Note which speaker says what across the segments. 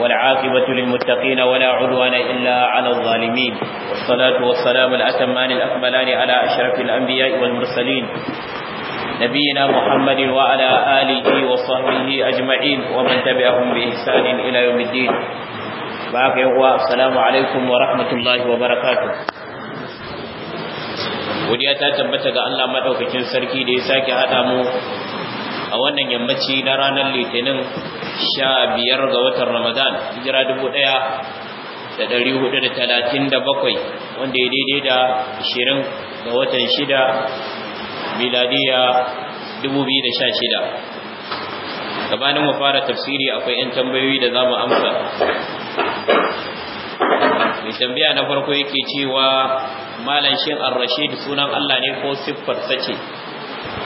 Speaker 1: والعاقبة للمتقين ولا عدوان إلا على الظالمين والصلاة والسلام الأتمان الأكملان على أشرف الأنبياء والمرسلين نبينا محمد وعلى آله وصحبه أجمعين ومن تبعهم بإحسان إلى يوم الدين باقي والسلام عليكم ورحمة الله وبركاته godiya ta tabbata ga Allah madaukakin sarki da ya sake hada mu a wannan yammaci na ranar litinin sha biyar ga watan ramadan hijira dubu ɗaya da dari hudu da talatin da bakwai wanda ya daidai da shirin ga watan shida miladiya dubu biyu da sha shida gabanin mu fara tafsiri akwai 'yan tambayoyi da za mu amsa mai tambaya na farko yake cewa malam shin al rashid sunan Allah ne ko siffar sace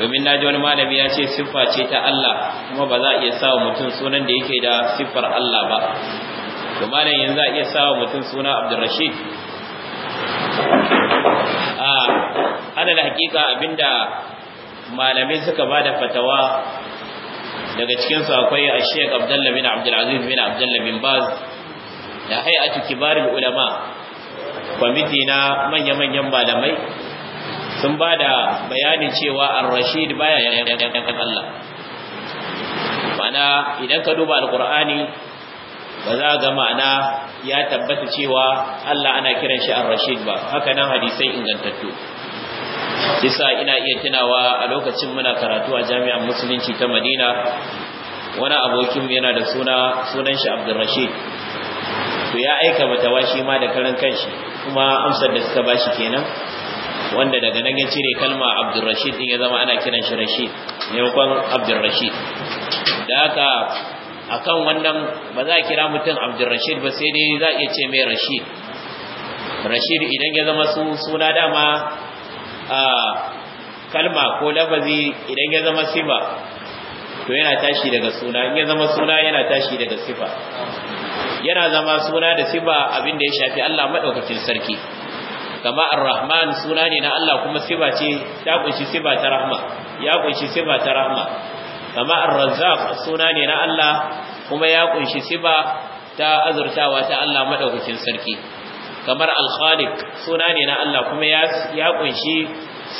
Speaker 1: domin na ji wani malami ya ce siffa ce ta Allah kuma ba za a iya sawa mutum sunan da yake da siffar Allah ba to malam yanzu za a iya sawa mutum suna Rashid? a ana da hakika abinda malamai suka bada fatawa daga cikin su akwai Sheikh Abdullah bin Abdul Aziz bin Abdullah bin Baz da hay'atu kibarul ulama kwamiti na manya-manyan malamai sun ba da bayanin cewa ar-rashid baya yakan Allah mana idan ka duba al al-qur'ani ba za ga ma'ana ya tabbata cewa Allah ana kiran shi ar-rashid ba haka nan hadisai ingantattu kisa ina iya tunawa a lokacin muna karatu a jami'an musulunci ta Madina wani abokinmu yana da suna sunan shi Abdulrashid to ya aika mata washi ma da karan kanshi kuma amsar da suka bashi kenan wanda daga nan ya cire kalma abdurrashid din ya zama ana kiran shi rashid Abdul abdurrashid da haka akan wannan ba za a kira mutum abdurrashid ba sai dai za a iya ce mai rashid rashid idan ya zama su suna dama a kalma ko labazi, idan ya zama sifa to yana tashi daga suna in ya zama suna yana tashi daga sifa yana zama suna da sifa abin da ya shafi Allah madaukakin sarki kama ar-rahman suna ne na Allah kuma siba ce ta kunshi siba ta rahma ya kunshi siba ta rahma kama ar-razzaq suna ne na Allah kuma ya kunshi siba ta azurtawa ta Allah madaukakin sarki kamar al-khaliq suna ne na Allah kuma ya ya kunshi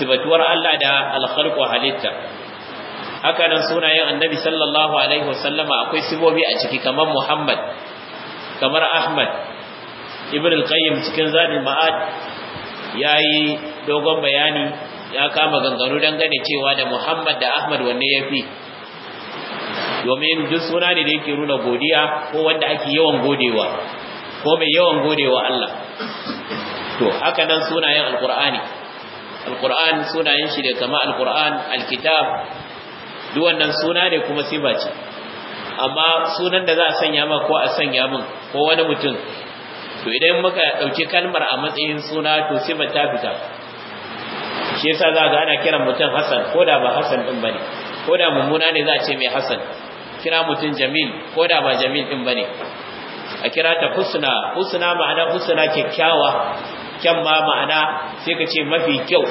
Speaker 1: sibatuwar Allah da al-khalqu halitta haka nan sunayen annabi sallallahu alaihi wasallama akwai sibobi a ciki kamar muhammad kamar ahmad ibn al-qayyim cikin zadul ma'ad ya yi dogon bayani ya kama ganganu gane cewa da muhammad da ahmad wanne ya fi domin duk suna ne da yake nuna godiya ko wanda ake yawan godewa ko mai yawan godewa Allah to haka nan sunayen alkur'ani alkur'an sunayen shi da kama alkur'an alkitab duk wannan suna ne kuma sifa ce amma sunan da za a sanya ma ko a sanya min ko wani mutum to idan muka dauki kalmar a matsayin suna to sifar ta fita shi yasa za ga ana kiran mutum Hassan ko da ba Hassan din bane ko da mummuna ne za a ce mai Hassan kira mutum Jamil ko da ba Jamil din bane a kira ta husna husna ma'ana husna kyakkyawa kyan ma ma'ana sai ka ce mafi kyau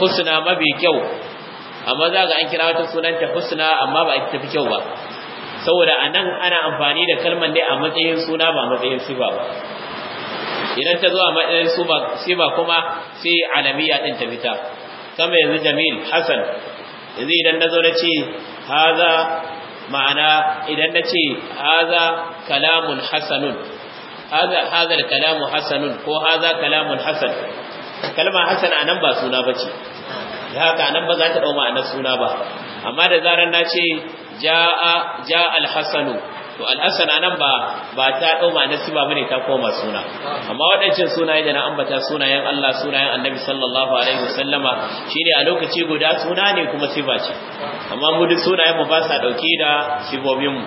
Speaker 1: husna mafi kyau amma za ga an kira wata sunanta husna amma ba ita tafi kyau ba saboda a nan ana amfani da kalmar dai a matsayin suna ba matsayin siba ba idan ta zo a matsayin siba kuma sai alamiya din ta fita kama yanzu jamil hasan yanzu idan na zo na ce haza ma'ana idan na ce haza kalamun hasanun haza haza kalamu hasanun ko haza kalamun hasan kalma hasan a nan ba suna ba ce da haka nan ba za ta ɗau ma'anar suna ba amma da zarar na ce ja'a ja'a to al-hasan anan ba ba ta dau ma ba bane ta koma suna amma wadancan sunaye da na ambata sunayen Allah sunayen Annabi sallallahu alaihi wasallama shine a lokaci guda suna ne kuma sifa ce amma mu duk sunayen mu ba sa dauke da sibobin mu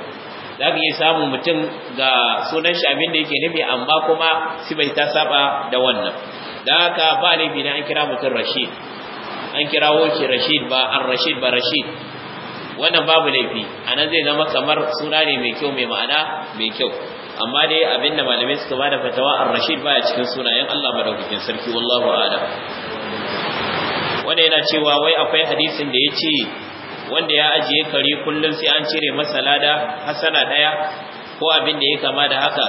Speaker 1: za ka iya mutum ga sunan shi abin da yake nufi amma kuma sibai ta saba da wannan da haka ba laifi na an kira mutum rashid an kirawo shi rashid ba an rashid ba rashid wannan babu laifi anan zai zama kamar suna ne mai kyau mai ma'ana mai kyau amma dai abinda malamai suka bada fatawa ar-rashid baya cikin sunayen Allah madaukakin sarki wallahu a'lam wanda yana cewa wai akwai hadisin da ya ce wanda ya ajiye kare kullum sai an cire masa lada hasana daya ko abin da ya kama da haka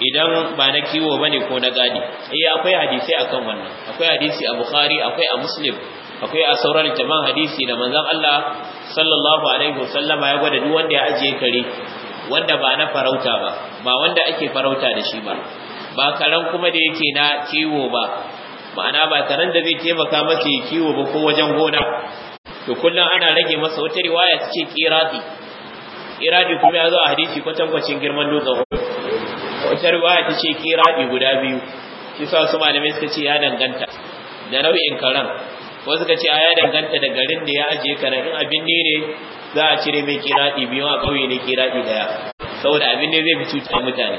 Speaker 1: idan ba na kiwo bane ko na gadi eh akwai hadisi akan wannan akwai hadisi a bukhari akwai a muslim akwai a sauran jama'an hadisi da manzon Allah sallallahu alaihi wasallama ya gwada duk wanda ya ajiye kare wanda ba na farauta ba ba wanda ake farauta da shi ba ba karan kuma da yake na kiwo ba ma'ana ba karan da zai taimaka masa ya kiwo ba ko wajen gona to kullum ana rage masa wata riwaya ta ce kirati kuma ya zo a hadisi kwatankwacin girman dutsen wata riwaya ta ce guda biyu shi sa su malamai suka ce ya danganta da nau'in karan wasu ka ce ya danganta da garin da ya ajiye karatun abin ne ne za a cire mai kiraɗi biyu a ƙauye ne kiraɗi daya saboda abin ne zai fi cutar mutane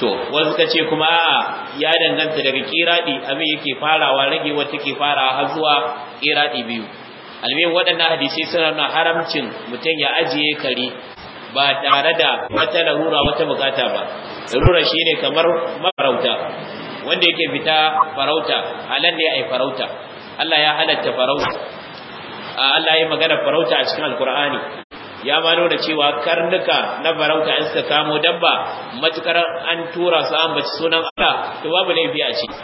Speaker 1: to wasu ka ce kuma a'a ya danganta daga kiraɗi abin yake farawa rage wata ke farawa har zuwa kiraɗi biyu almin waɗannan hadisi suna nuna haramcin mutum ya ajiye kare ba tare da wata larura wata bukata ba larura shine kamar mafarauta wanda yake fita farauta halan ne yi farauta Allah ya halatta farauta Allah ya magana farauta a cikin alkur'ani ya ma cewa karnuka na farauta in suka kamo dabba matukar an tura su an bace sunan Allah to babu laifi a ciki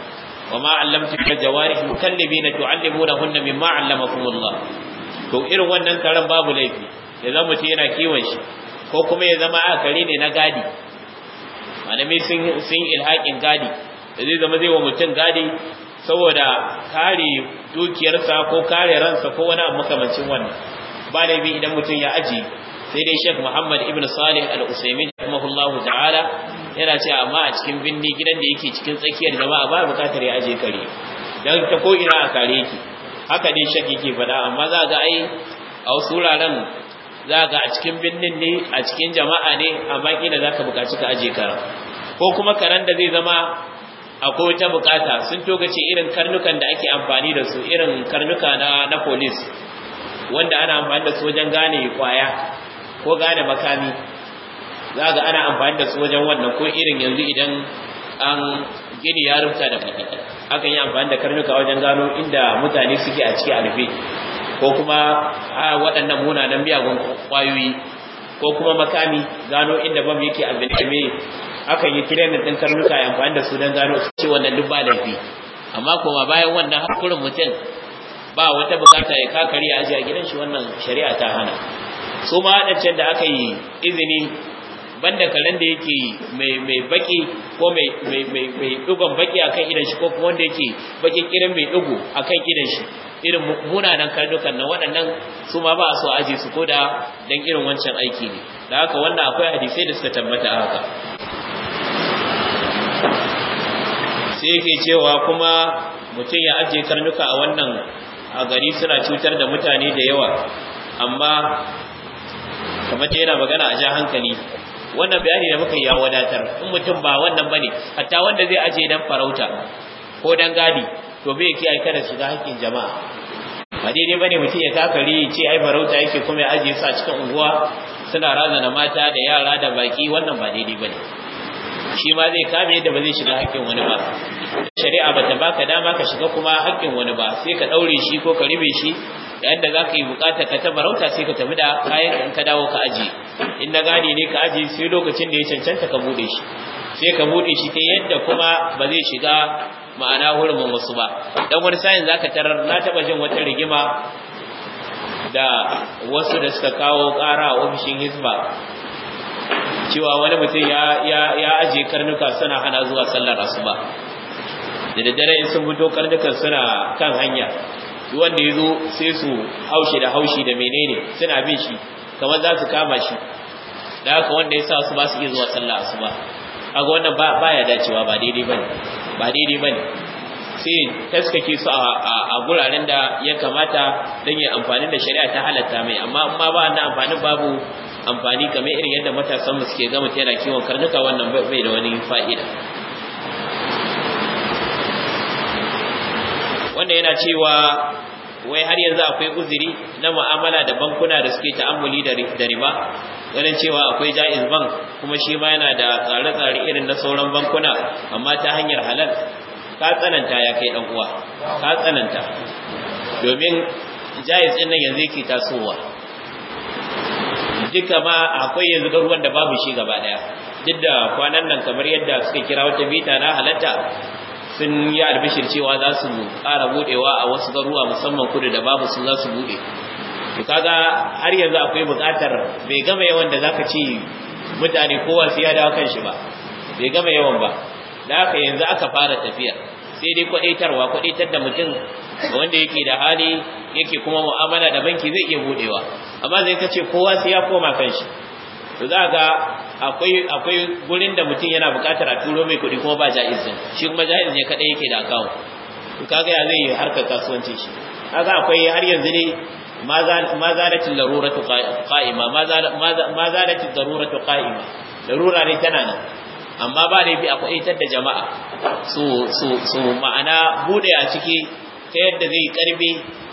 Speaker 1: wama allamtu bil jawarih mukallibina tu'allimunahunna mimma 'allamakumullah to irin wannan karan babu laifi ya zama ce yana kiwon shi ko kuma ya zama a kare ne na gadi malamai sun sun ilhaƙin gadi zai zama zai wa mutum gadi saboda kare dukiyarsa ko kare ransa ko wani makamancin wannan ba da bi idan mutum ya aji sai dai Sheikh Muhammad Ibn Salih Al-Usaimin rahimahullahu ta'ala yana ce amma a cikin binni gidan da yake cikin tsakiyar jama'a ba bukatar ya aje kare dan ta ko ina a kare yake haka dai shak yake faɗa amma za ga ai a wasu wuraren za ga a cikin binnin ne a cikin jama'a ne amma kila za ka bukaci ka aje kare ko kuma karen da zai zama akwai wata bukata sun togace irin karnukan da ake amfani da su irin karnuka na na wanda ana amfani da su wajen gane kwaya ko gane makami za ga ana amfani da su wajen wannan ko irin yanzu idan an gini ya rufta da akan yi amfani da karnuka wajen gano inda mutane suke a ciki alfi ko kuma a waɗannan munanan miyagun kwayoyi ko kuma makami gano inda bam yake a binne akan yi training din karnuka ya amfani da su don gano su ce wannan duk ba laifi amma kuma bayan wannan hakurin mutum ba wata bukata ya kakari a ajiya gidan shi wannan shari'a ta hana su ma waɗancan da aka yi izini banda karen da yake mai mai baki ko mai mai mai dugon baki akan idan shi ko kuma wanda yake baki kirin mai dugo akan idan shi irin munanan karnukan nan waɗannan su ma ba a so aje su koda dan irin wancan aiki ne da haka wannan akwai hadisai da suka tabbata haka sai yake cewa kuma mutum ya ajiye karnuka a wannan a gari suna cutar da mutane da yawa amma kamar yana magana a ja hankali wannan bayani da muka yi ya wadatar in mutum ba wannan bane hatta wanda zai ajiye dan farauta ko dan gadi to bai yake aika da shiga hakkin jama'a ba daidai bane mutum ya takari ce ai farauta yake kuma ya ajiye su a cikin unguwa suna razana mata da yara da baki wannan ba daidai bane shi ma zai kame yadda ba zai shiga hakkin wani ba shari'a bata baka dama ka shiga kuma haƙƙin wani ba sai ka ɗaure shi ko ka ribe shi yadda zaka yi bukata ka ta barauta sai ka tafi da kayan ka dawo ka aji in na gane ne ka aji sai lokacin da ya cancanta ka buɗe shi sai ka buɗe shi ta yadda kuma ba zai shiga ma'ana hurumin wasu ba dan wani sayin zaka tarar na taba jin wata rigima da wasu da suka kawo ƙara a ofishin hisba cewa wani mutum ya aje karnuka suna hana zuwa sallar asuba da daddare in sun fito karnukan suna kan hanya wanda ya zo sai su haushi da haushi da menene suna bin shi kamar za su kama shi da haka wanda ya sa su ba su iya zuwa sallah a ga wannan ba ya dacewa ba daidai ne ba daidai ne sai taskake su a guraren da ya kamata don yi amfani da shari'a ta halatta mai amma amma ba na amfanin babu amfani kamar irin yadda matasan mu suke gama tana kiwon karnuka wannan bai da wani fa'ida wanda yana cewa wai har yanzu akwai uzuri na mu'amala da bankuna da suke ta'ammuli da riba ganin cewa akwai jaiz bank kuma shi ma yana da tsare-tsare irin na sauran bankuna amma ta hanyar halal ka tsananta ya kai dan uwa ka tsananta domin jaiz din nan yanzu yake tasowa duka ma akwai yanzu garuwan da babu shi gaba daya duk da kwanan nan kamar yadda suka kira wata bita na halatta sun yi albishir cewa za su ƙara budewa a wasu garuwa musamman kudu da babu sun za su bude to kaga har yanzu akwai bukatar bai gama yawan da zaka ce mutane kowa sai ya dawo kanshi ba bai gama yawan ba da haka yanzu aka fara tafiya sai dai kwadaitarwa kwadaitar da mutum wanda yake da hali yake kuma mu'amala da banki zai iya budewa amma zai kace kowa sai ya koma kanshi to za ga akwai gurin da mutum yana buƙatar a turo mai kuɗi kuma ba jaiz shi kuma jaiz ne kaɗai yake da account to kaga ya zai harkar kasuwanci shi kaga akwai har yanzu ne ma zalatin laruratu qa'ima ma qa'ima larura ne tana nan amma ba ne bi akwai itar da jama'a su su ma'ana bude a ciki ta yadda zai karbe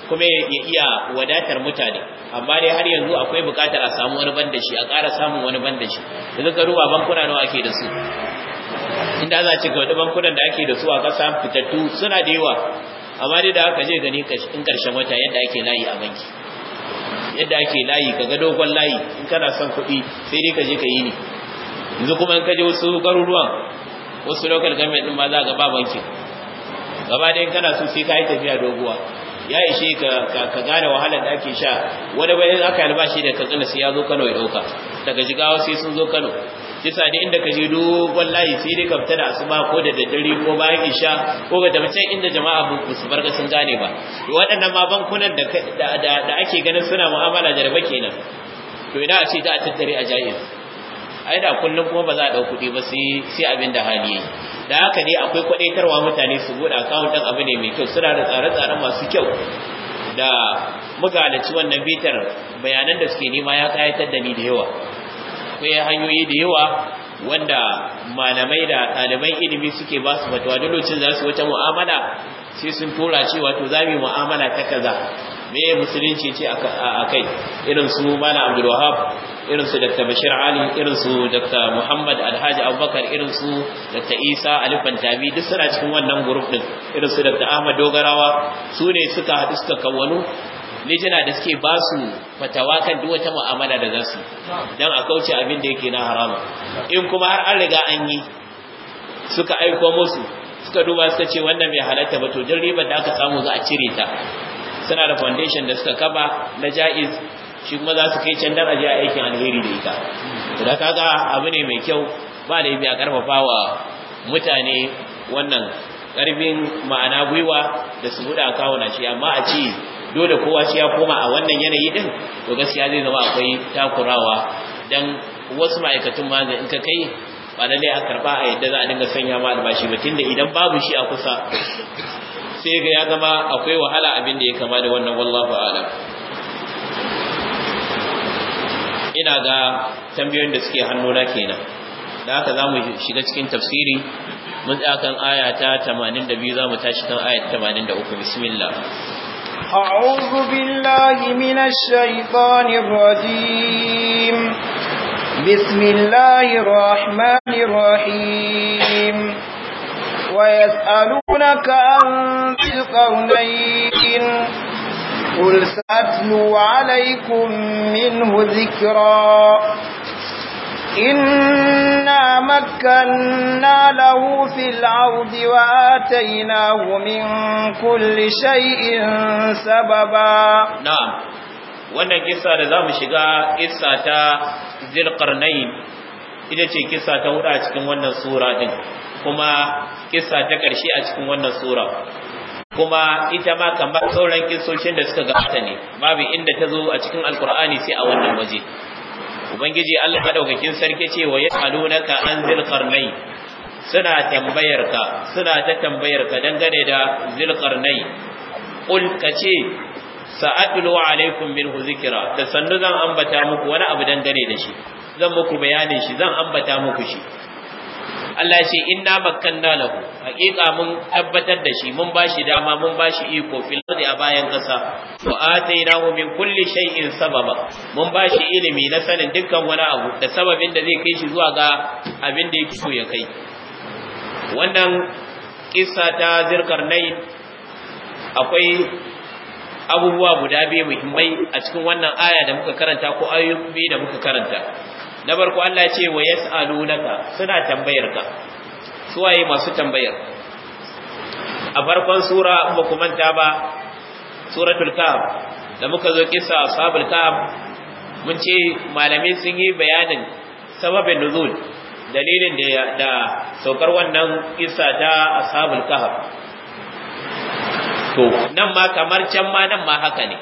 Speaker 1: kuma ya iya wadatar mutane amma dai har yanzu akwai bukatar a samu wani banda shi a ƙara samun wani banda shi da suka ruwa bankuna nawa ake da su inda za ci gaba bankunan da ake da su a ƙasa fitattu suna da yawa amma dai da aka je gani in ƙarshen wata yadda ake layi a banki yadda ake layi ka ga dogon layi in kana son kuɗi sai dai ka je ka yi ne yanzu kuma in ka je wasu garuruwan wasu local government ɗin ma za ka ba bankin gaba ɗayan kana so sai ka yi tafiya doguwa ya ishe ka gane wahalar da ake sha wani bayan aka yi albashi da ka sai ya zo kano ya dauka daga jigawa sai sun zo kano kisa da inda ka je dogon layi sai dai kafta da asuba ko da daddare ko bayan isha ko ga damcen inda jama'a ba su barga sun gane ba waɗannan ma bankunan da ake ganin suna mu'amala da raba kenan to ina a ce za a tattare a ja'iz ai da kullum kuma ba za a dau kuɗi ba sai sai abin da hali yayi da haka ne akwai tarwa mutane su bude account din abu ne mai kyau suna da tsare-tsare masu kyau da mugalaci wannan bitar bayanan da suke nema ya kayatar da ni da yawa akwai hanyoyi da yawa wanda malamai da ɗaliban ilimi suke ba su fatuwa duk lokacin za su wata mu'amala sai sun tura cewa to za mu mu'amala ta kaza me musulunci ce a kai irin su malam abdul wahab irin su Dr. Bashir Ali irin su Dr. Muhammad Alhaji Abubakar irin su Dr. Isa Ali tabi. duk suna cikin wannan group din irin su Dr. Ahmad Dogarawa su ne suka haɗu suka kawwano lijina da suke ba su fatawa kan duk wata mu'amala da za su dan a kauce abin da yake na harama in kuma har an riga an yi suka aiko musu suka duba suka ce wannan bai halatta ba to duk ribar da aka samu za a cire ta suna da foundation da suka kaba na jaiz shi kuma za su kai can dan aje aikin alheri da ita da kaga abu ne mai kyau ba da yi a karfafa wa mutane wannan karfin ma'ana gwiwa da su huda kawo na shi amma a ci dole kowa shi ya koma a wannan yanayi din to gaskiya zai zama akwai takurawa dan wasu ma'aikatun ma in ka kai ba lalle a karba a yadda za a dinga sanya ma albashi ba tunda idan babu shi a kusa sai ga ya zama akwai wahala abin da ya kama da wannan wallahu a'lam ina ga tambayoyin da suke hannuna kenan da haka za mu shiga cikin tafsiri mun tsaya kan aya ta 82 za mu tashi kan aya ta 83 bismillah
Speaker 2: أعوذ بالله من الشيطان الرجيم بسم الله الرحمن الرحيم ويسألونك عن ذي القرنين قل سأتلو عليكم منه ذكرا إنا مكنا له في العرض وآتيناه من كل شيء سببا
Speaker 1: نعم wannan kisa da za mu shiga kisa ta zirƙarnayin ita ce kisa ta huɗu a cikin wannan sura ɗin kuma kisa ta ƙarshe a cikin wannan sura kuma ita ma kamar sauran kisoshin da suka gabata ne babu inda ta zo a cikin alkur'ani sai a wannan waje ubangiji Allah madaukakin sarki ce wa yas'alunaka an zil qarnai suna tambayar ka suna ta tambayar ka dangane da zil qarnai qul kace sa'atlu alaikum minhu zikra da sannu zan ambata muku wani abu dangane da shi zan muku bayanin shi zan ambata muku shi Allah ya ce inna makkanna lahu haqiqa mun tabbatar da shi mun bashi dama mun bashi iko fil ardi a bayan kasa wa atainahu min kulli shay'in sababa mun bashi ilimi na sanin dukkan wani abu da sababin da zai kai shi zuwa ga abin da yake so ya kai wannan kissa ta zirkarnai akwai abubuwa guda biyu muhimmai a cikin wannan aya da muka karanta ko ayoyi da muka karanta na barko Allah ce wa naka suna tambayar ka suwaye masu tambayar a farkon sura ba ku manta ba suratul kahf da muka zo kissa ashabul kahf mun ce malami sun yi bayanin sababin nuzul dalilin da da saukar wannan kissa ta ashabul kahf to nan ma kamar can ma nan ma haka ne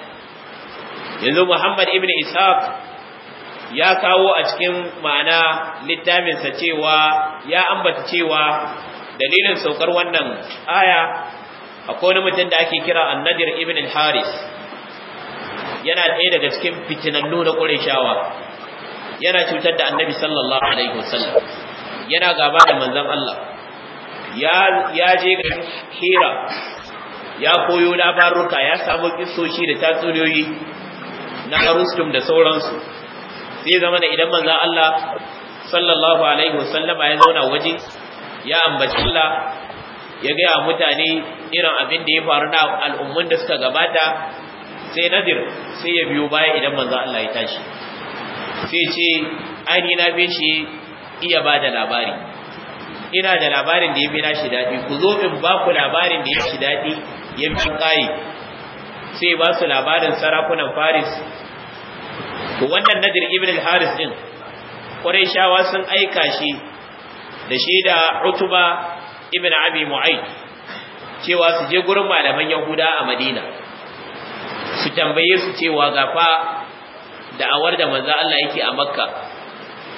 Speaker 1: yanzu Muhammad ibn Ishaq ya kawo a cikin ma'ana littafinsa cewa ya ambata cewa dalilin saukar wannan aya akwai mutum da ake kira annadir ibn al-haris yana ɗaya daga cikin fitinannu na ƙureshawa yana cutar da annabi sallallahu alaihi wasallam yana gaba da manzon Allah ya je ga hira ya koyo labaruka ya samu kissoshi da tatsuniyoyi
Speaker 2: na arustum da sauransu
Speaker 1: Sai zama da idan manzan Allah sallallahu alaihi wasallama ya zauna waje ya ambaci Allah ya gaya mutane irin abin da ya faru na al'ummun da suka gabata sai nadir sai ya biyo baya idan manzan Allah ya tashi sai ce ainihin na fi shi iya ba da labari ina da labarin da ya fi na shi daɗi ku zo in ba ku labarin da ya shi daɗi ya fi ƙari sai ba su labarin sarakunan faris to wannan nadir ibn al-haris din quraishawa sun aika shi da shi da utuba ibn abi mu'ayd cewa su je gurin malaman yahuda a madina su tambaye su cewa gafa da awar da manzo Allah yake a makka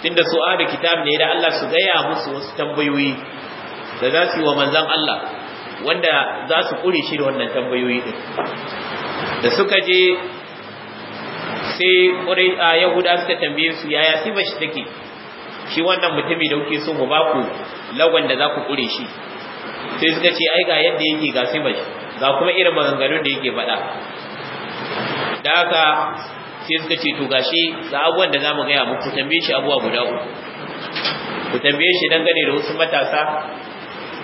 Speaker 1: tunda su ahli kitab ne da Allah su gaya musu wasu tambayoyi da za su yi wa manzon Allah wanda za su kure shi da wannan tambayoyi din da suka je sai kurai a yahuda suka tambaye su yaya sifa shi take shi wannan mutumi da kuke so mu ba ku lagon da za ku kure shi sai suka ce ai ga yadda yake ga sifa shi ga kuma irin maganganun da yake faɗa da haka sai suka ce to gashi ga abubuwan da za mu gaya muku tambaye shi abuwa guda uku ku tambaye shi dangane da wasu matasa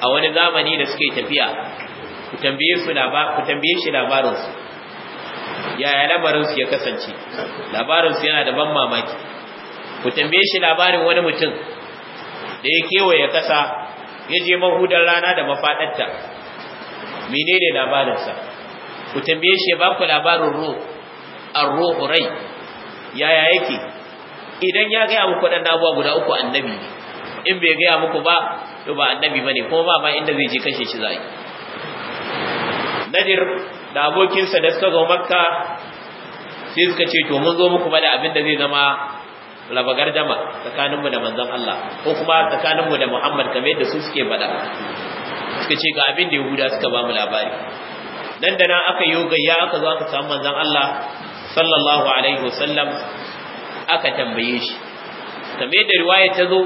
Speaker 1: a wani zamani da suke tafiya ku tambaye su shi labarin su yaya lamarinsu ya kasance labarinsu yana da ban mamaki ku tambaye shi labarin wani mutum da ya kewaye kasa ya je mahudar rana da mafaɗarta menene labarinsa ku tambaye shi ya ba ku labarin ruh ar-ruhu rai yaya yake idan ya gaya muku dan abuwa guda uku annabi in bai gaya muku ba to ba annabi bane kuma ba ma inda zai je kashe shi zai nadir da abokinsa da suka zo makka sai suka ce to mun zo muku bada da abin da zai zama labagar jama tsakaninmu da manzon Allah ko kuma tsakaninmu da Muhammad kamar yadda su suke faɗa suka ce ga abin da Yahuda suka ba mu labari nan da nan aka yi gayya aka zo aka samu manzon Allah sallallahu alaihi wasallam aka tambaye shi kamar yadda riwaya ta zo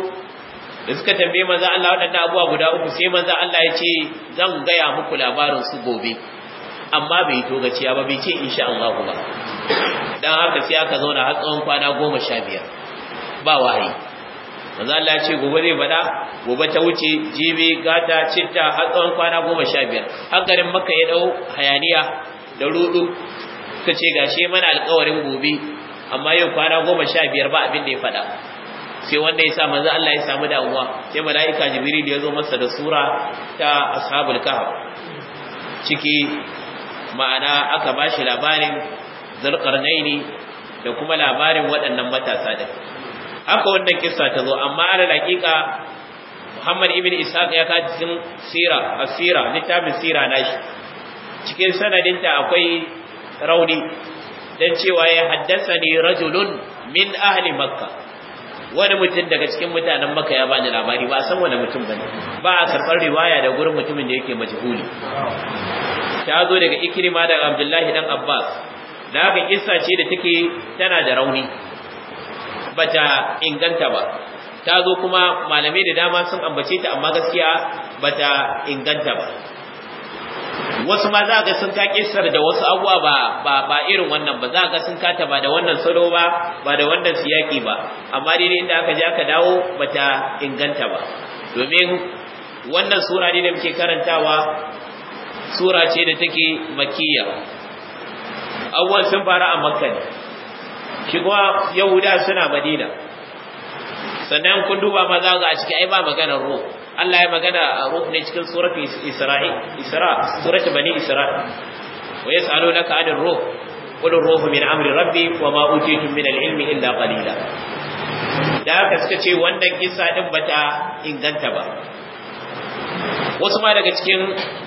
Speaker 1: da suka tambaye manzon Allah waɗannan abubuwa guda uku sai manzon Allah ya ce zan gaya muku labarin su gobe amma bai togaci ba bai ce insha Allah ba dan haka sai aka zauna har tsawon kwana goma ba wahayi manzo Allah ya ce gobe zai bada gobe ta wuce jibi gata citta har tsawon kwana goma sha biyar hankalin maka ya dau hayaniya da rudu Kace gashi mana alƙawarin gobe amma yau kwana goma sha biyar ba abin da ya faɗa sai wanda ya sa manzo Allah ya samu damuwa sai mala'ika jibril ya zo masa da sura ta ashabul kahf ciki ma'ana aka ba shi labarin zulqarnaini da kuma labarin waɗannan matasa da haka wannan kissa ta zo amma ala hakika Muhammad ibn Ishaq ya ka cikin sira asira littafin sira shi cikin sanadinta akwai rauni dan cewa ya haddasa ni rajulun min ahli makka wani mutum daga cikin mutanen maka ya bani labari ba san wani mutum bane ba a karɓar riwaya da gurin mutumin da yake majhuli ta zo daga ikrima daga abdullahi dan abbas da haka kissa ce da take tana da rauni bata inganta ba ta zo kuma malamai da dama sun ambace ta amma gaskiya bata inganta ba wasu ma za ga sun ka kissar da wasu abuwa ba ba irin wannan ba za ga sun kata ba da wannan salo ba ba da wannan siyaki ba amma dai inda aka ja ka dawo bata inganta ba domin wannan sura ne da muke karantawa sura ce da take makiyya awwal sun fara a makka ne shi kuma yahuda suna madina sannan kun duba ma za ga a ciki ai ba maganar ruh Allah ya magana a ruh ne cikin surat Isra'i Isra surat bani Isra wa yas'alunaka 'anil ruh qul ruhu min amri rabbi wa ma utitum min al-ilmi illa qalila da haka suka ce wannan kisa din bata inganta ba wasu ma daga cikin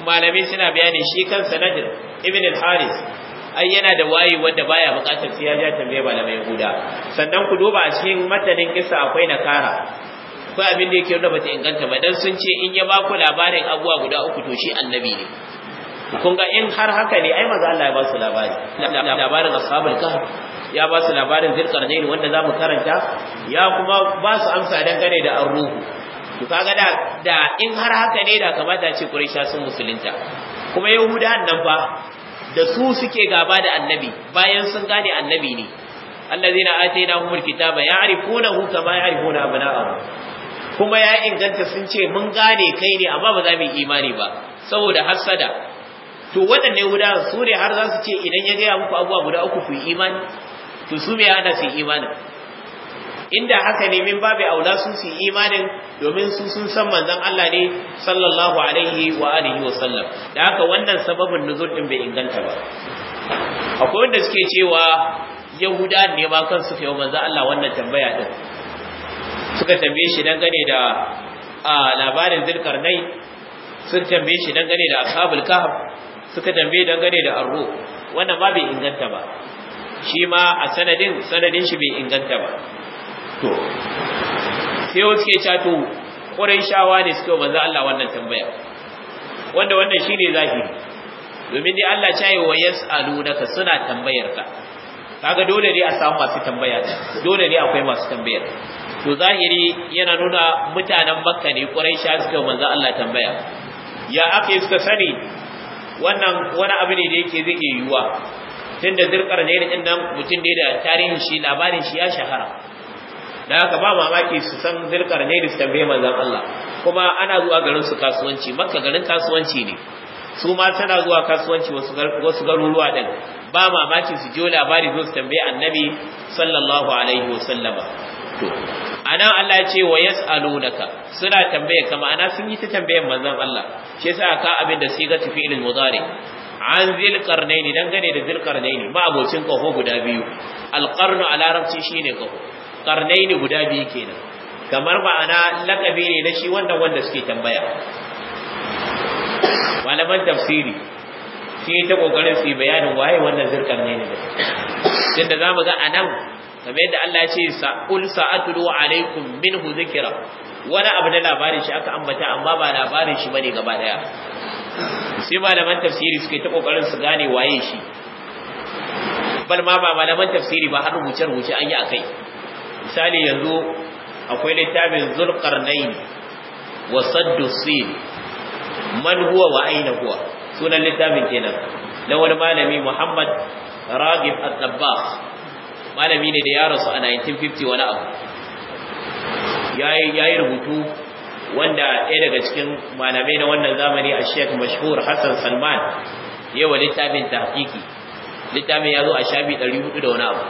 Speaker 1: malamai suna bayani shi kan sanadir ibn al-haris ai yana da wayi wanda baya bukatar sai ya ja tambaye malamai guda sannan ku duba a cikin matanin kisa akwai nakara akwai abin da yake ba bata inganta ba dan sun ce in ya ba ku labarin abuwa guda uku to shi annabi ne kun ga in har haka ne ai maza Allah ya ba su labari labarin ashabul kahf ya ba su labarin ne wanda za mu karanta ya kuma ba su amsa dangane da ruhu to kaga da da in har haka ne da kamata ce Quraysha sun musulunta kuma yahudawan nan fa da su suke gaba da annabi bayan sun gane annabi ne allazina atainahum alkitaba ya'rifunahu kama ya'rifuna abna'ahum kuma ya inganta sun ce mun gane kai ne amma ba za mu imani ba saboda hasada to waɗanne guda su ne har za su ce idan ya gaya muku abubuwa guda uku ku yi imani to su me ya su yi imanin inda haka ne min babu aula su su imanin domin su sun san manzon Allah ne sallallahu alaihi wa alihi wa sallam da haka wannan sababin nuzul din bai inganta ba akwai wanda suke cewa yahuda ne ba kansu kai manzon Allah wannan tambaya din suka tambaye shi dangane da a labarin zulkarnai sun tambaye shi dangane da ashabul kahf suka tambaye dangane da arru wannan ba bai inganta ba shi ma a sanadin sanadin shi bai inganta ba to sai wasu ke cato ƙurai shawa ne suka yi manzo Allah wannan tambaya wanda wannan shi ne zahiri domin dai Allah ta yi wa yas'alunaka suna tambayar ka kaga dole ne a samu masu tambaya dole ne akwai masu tambayar to zahiri yana nuna mutanen makka ne ƙurai sha suka yi manzo Allah tambaya ya aka suka sani wannan wani abu ne da yake zai iya yiwuwa tunda zirkar ne da nan mutum ne da tarihin shi labarin shi ya shahara da haka ba mamaki su san ne su tambaye manzon Allah kuma ana zuwa garin su kasuwanci makka garin kasuwanci ne su ma tana zuwa kasuwanci wasu garuruwa din ba mamaki su jiyo labari zo su tambaye annabi sallallahu alaihi wasallama to ana Allah ya ce wa yas'alunaka suna tambaye kama ana sun yi ta tambayan manzon Allah shi yasa ka abin da siga tafi ilil mudari an zil qarnaini dangane da zil qarnaini ma abocin kaho guda biyu al a larabci shine kaho karnaini guda biyu kenan kamar ma'ana lakabi ne na shi wannan wanda suke tambaya malaman tafsiri shi ta kokarin su bayanin waye wannan zirkan ne ne tunda zamu ga anan kamar yadda Allah ya ce sa'ul sa'atulu alaikum minhu zikra wani abu da labarin shi aka ambata amma ba labarin shi bane gaba daya sai malaman tafsiri suke ta kokarin su gane waye shi bal ma ba malaman tafsiri ba har rubuce rubuce an yi akai misali yanzu akwai littafin zulqarnain wa saddusin man huwa wa aina huwa sunan littafin kenan na wani malami Muhammad Ragib Al-Dabbagh malami ne da ya rasu a 1950 wani abu yayi yi rubutu wanda ɗaya daga cikin malamai na wannan zamani a Sheikh Mashhur Hassan Salman yawa littafin tahqiqi littafin ya zo a shafi 400 da wani abu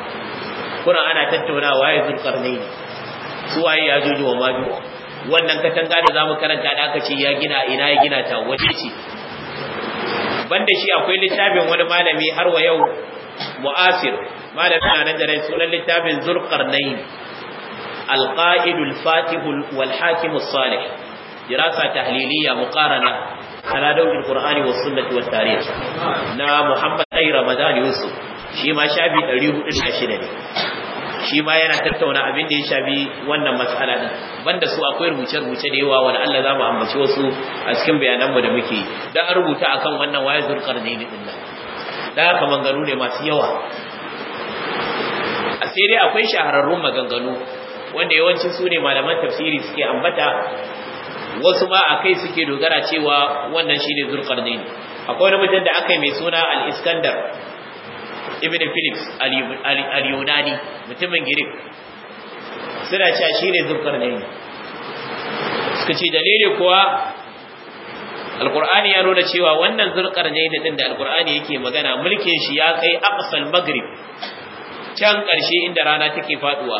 Speaker 1: kuran ana tattaunawa ya zulkarnai su waye ya wa mabi wannan katanga da zamu karanta da aka ce ya gina ina ya gina ta waje ce banda shi akwai littafin wani malami har wa yau mu'asir malamin nan da rai sunan littafin zulkarnai القائد الفاتح والحاكم الصالح دراسة تحليلية مقارنة على دور القرآن والسنة والتاريخ نا محمد أي رمضان يوسف shi ma shafi 420 ne shi ma yana tattauna abin da ya shafi wannan matsala din banda su akwai rubuce-rubuce da yawa wanda Allah za mu ambaci wasu a cikin bayananmu da muke da an rubuta akan wannan waya zurkar ne din nan da haka maganganu ne masu yawa a sai dai akwai shahararrun maganganu wanda yawancin su ne malaman tafsiri suke ambata wasu ma a kai suke dogara cewa wannan shine zurkar ne akwai wani mutum da aka yi mai suna al-iskandar ibn Philips al-Yunani mutumin Greek suna cewa shine Zulqarnain suka ce dalili kuwa Al-Qur'ani ya nuna cewa wannan Zulqarnain din da Al-Qur'ani yake magana mulkin shi ya kai aqsal Maghrib can ƙarshe inda rana take faduwa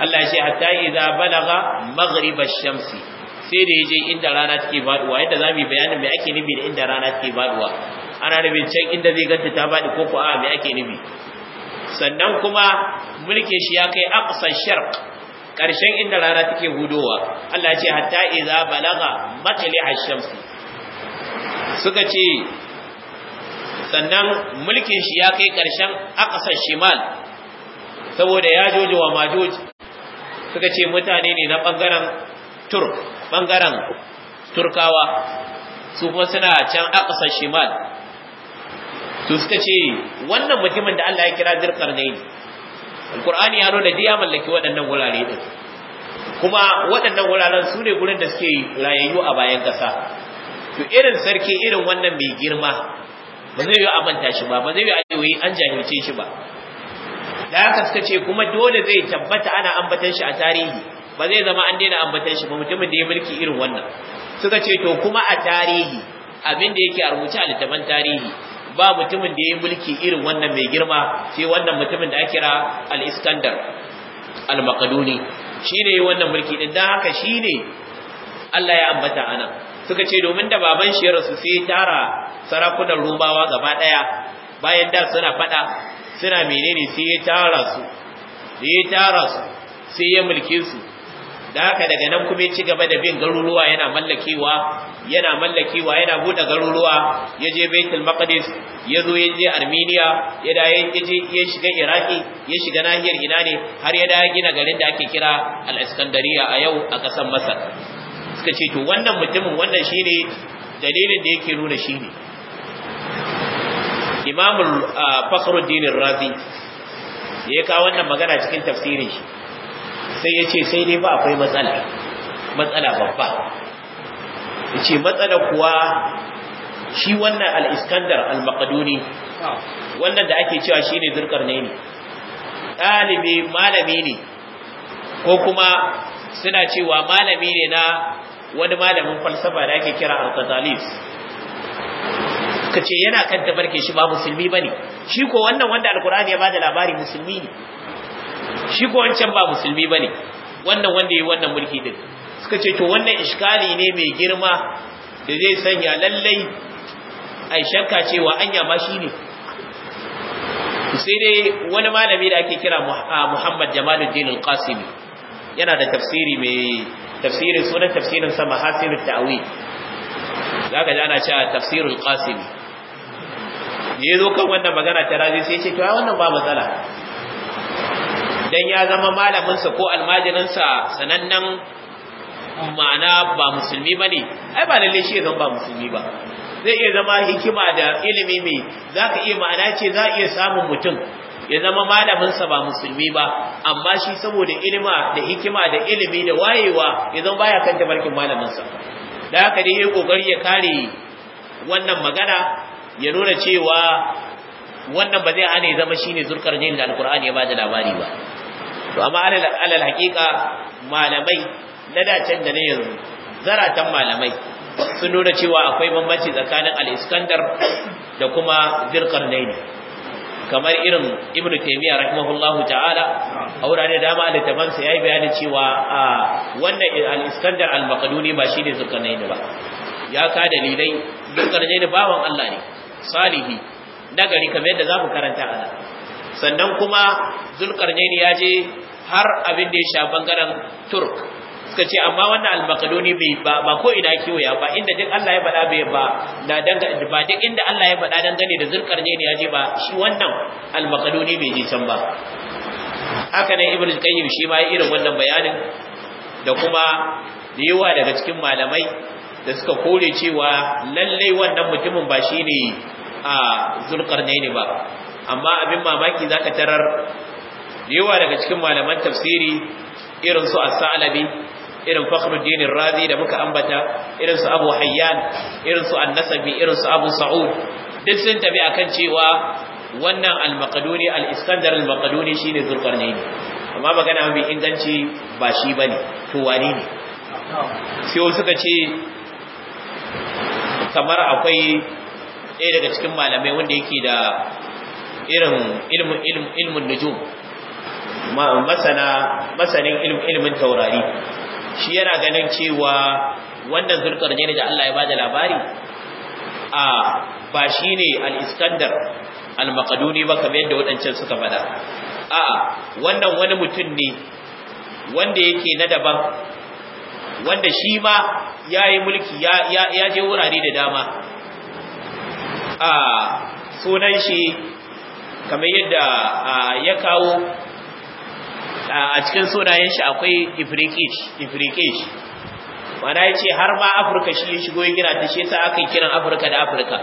Speaker 1: Allah shi hatta idza balagha maghrib ash-shamsi sai da yaje inda rana take faduwa yadda zamu yi bayanin me ake nufi da inda rana take faduwa ana nufin can inda zai ganta ta faɗi ko kuwa mai ake nufi sannan kuma mulkin shi ya kai aqsar sharq ƙarshen inda rana take hudowa Allah ce hatta idza balaga matali ash-shamsi suka ce sannan mulkin shi ya kai ƙarshen aqsar shimal saboda ya jojo wa majoji suka ce mutane ne na bangaren turk bangaren turkawa su kuma suna can aqsar shimal to suka ce wannan mutumin da Allah ya kira ne. alqur'ani ya nuna da ya mallaki waɗannan wurare din kuma waɗannan wuraren su ne gurin da suke rayayyu a bayan ƙasa to irin sarki irin wannan mai girma ba zai yi a shi ba ba zai yi a an jahilce shi ba da haka suka ce kuma dole zai tabbata ana ambatan shi a tarihi ba zai zama an daina ambatan shi ba mutumin da ya mulki irin wannan suka ce to kuma a tarihi abin da yake a rubuce a littafin tarihi ba mutumin da ya yi mulki irin wannan mai girma sai wannan mutumin da ake kira al-iskandar al-makaduni shi ne yi wannan mulki din don haka shi ne Allah ya ambata ana suka ce domin da baban shi rasu sai tara sarakunan rumawa gaba ɗaya bayan da suna faɗa suna menene sai ya tara su sai ya mulke su da haka daga nan kuma ya ci gaba da bin garuruwa yana mallakewa yana mallakewa yana bude garuruwa ya je Baitul Maqdis ya zo ya je Armenia ya da ya shiga Iraki ya shiga nahiyar ina ne har ya da gina garin da ake kira Al-Iskandariya a yau a kasar Masar suka ce to wannan mutumin wannan shine dalilin da yake nuna shine Imam ah, Fakhruddin Razi ya kawo wannan magana cikin tafsirin shi sai ya ce sai ne ba akwai matsala matsala babba ya ce matsala kuwa shi wannan al-iskandar al-makaduni wannan da ake cewa shi ne zirkar ne ne ɗalibi malami ne ko kuma suna cewa malami ne na wani malamin falsafa da ake kira al kazalis kace yana kan tabarke shi ba musulmi bane shi ko wannan wanda alkur'ani ya bada labari musulmi ne shi ko wancan ba musulmi bane wannan wanda yayi wannan mulki din suka ce to wannan iskali ne mai girma da zai sanya lallai ai shakka cewa anya ma shine sai dai wani malami da ake kira ah, Muhammad Jamaluddin Al-Qasimi yana da tafsiri mai tafsirin sunan tafsirin sa Mahasirut Ta'wil zaka ji ana cewa tafsirul Qasimi ne zo kan wannan magana ta razi sai ce to wannan ba matsala dan ya zama malaminsa ko almajirinsa sanannen ma'ana ba musulmi ba ne ai ba lalle shi zama ba musulmi ba zai iya zama hikima da ilimi mai za ka iya ma'ana ce za iya samun mutum ya zama malaminsa ba musulmi ba amma shi saboda ilima da hikima da ilimi da wayewa ya zama baya kan tabarkin malaminsa da haka dai ya kokari ya kare wannan magana ya nuna cewa wannan ba zai hana ya zama shine zurkar jin da alkur'ani ya ba da labari ba to amma alal haƙiƙa malamai na dacen da na yanzu zaratan malamai sun nuna cewa akwai bambanci tsakanin al-iskandar da kuma Naini. kamar irin Ibn taymiya rahimahullahu ta'ala a wurare da dama ya yayi bayani cewa a wannan al-iskandar al-maqduni ba shine Naini ba ya ka dalilai Naini bawan Allah ne salihi nagari kamar yadda zamu karanta a sannan kuma zulkarnaini ya je har abin da ya sha bangaren turk suka ce amma wannan al-maqduni ba ko ina kiwaya ba inda duk Allah ya faɗa bai ba na danga ba duk inda Allah ya faɗa dangane da zulkarnaini ya je ba shi wannan al bai je can ba haka ne ibnu qayyim shi ma irin wannan bayanin da kuma da yawa daga cikin malamai da suka kore cewa lallai wannan mutumin ba shine a zulkarnaini ba amma abin mamaki ka tarar yawa daga cikin malaman tafsiri irin su as irin fakhruddin razi da muka ambata irin su abu hayyan irin su an irin su abu sa'ud duk sun tabi akan cewa wannan al-maqduni al-iskandar al-maqduni shine zulqarnain amma magana mafi inganci ba shi bane to wani ne sai suka ce kamar akwai ɗaya daga cikin malamai wanda yake da irin ilmin ilmin nujum masana masanin ilmin taurari shi yana ganin cewa wannan ne da Allah ya ba da labari a ba shine al-Iskandar al-Maqduni ba kamar yadda wadancan suka fada a wannan wani mutum ne wanda yake na daban wanda shi ma yayi mulki ya ya je wurare da dama a sunan shi kamar yadda ya kawo a cikin sunayen shi akwai ifrikish mana ya ce har ma afirka shi shigo ya gina ta shi sa aka kiran afirka da afirka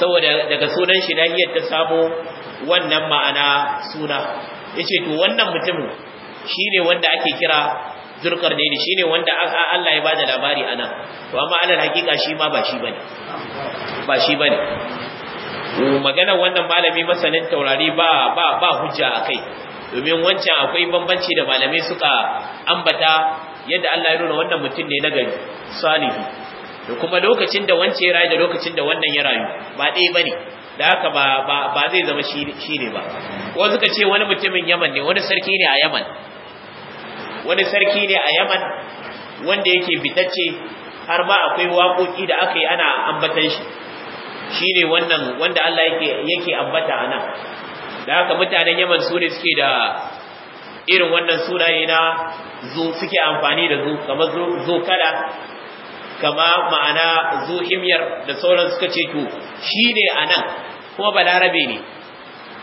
Speaker 1: saboda daga sunan shi nahiyar ta samu wannan ma'ana suna ya ce to wannan mutumin shi ne wanda ake kira zurkar da shi ne wanda Allah ya ba da labari ana to amma alal hakika shi ma ba shi ba ne maganar wannan malami masanin taurari ba ba ba hujja akai domin wancan akwai bambanci da malamai suka ambata yadda Allah ya nuna wannan mutum ne na salihu da kuma lokacin da wance ya rayu da lokacin da wannan ya rayu ba ɗaya bane da haka ba ba zai zama shi ne ba ko suka ce wani mutumin Yaman ne wani sarki ne a Yaman wani sarki ne a Yaman wanda yake bitacce har ma akwai waƙoƙi da aka yi ana ambatan shi shine wannan wanda Allah yake yake ambata anan da haka mutanen Yaman su ne suke da irin wannan sunaye na zu suke amfani da zu kamar zu kada kama ma'ana zu himyar da sauran suka ce to shine anan kuma balarabe ne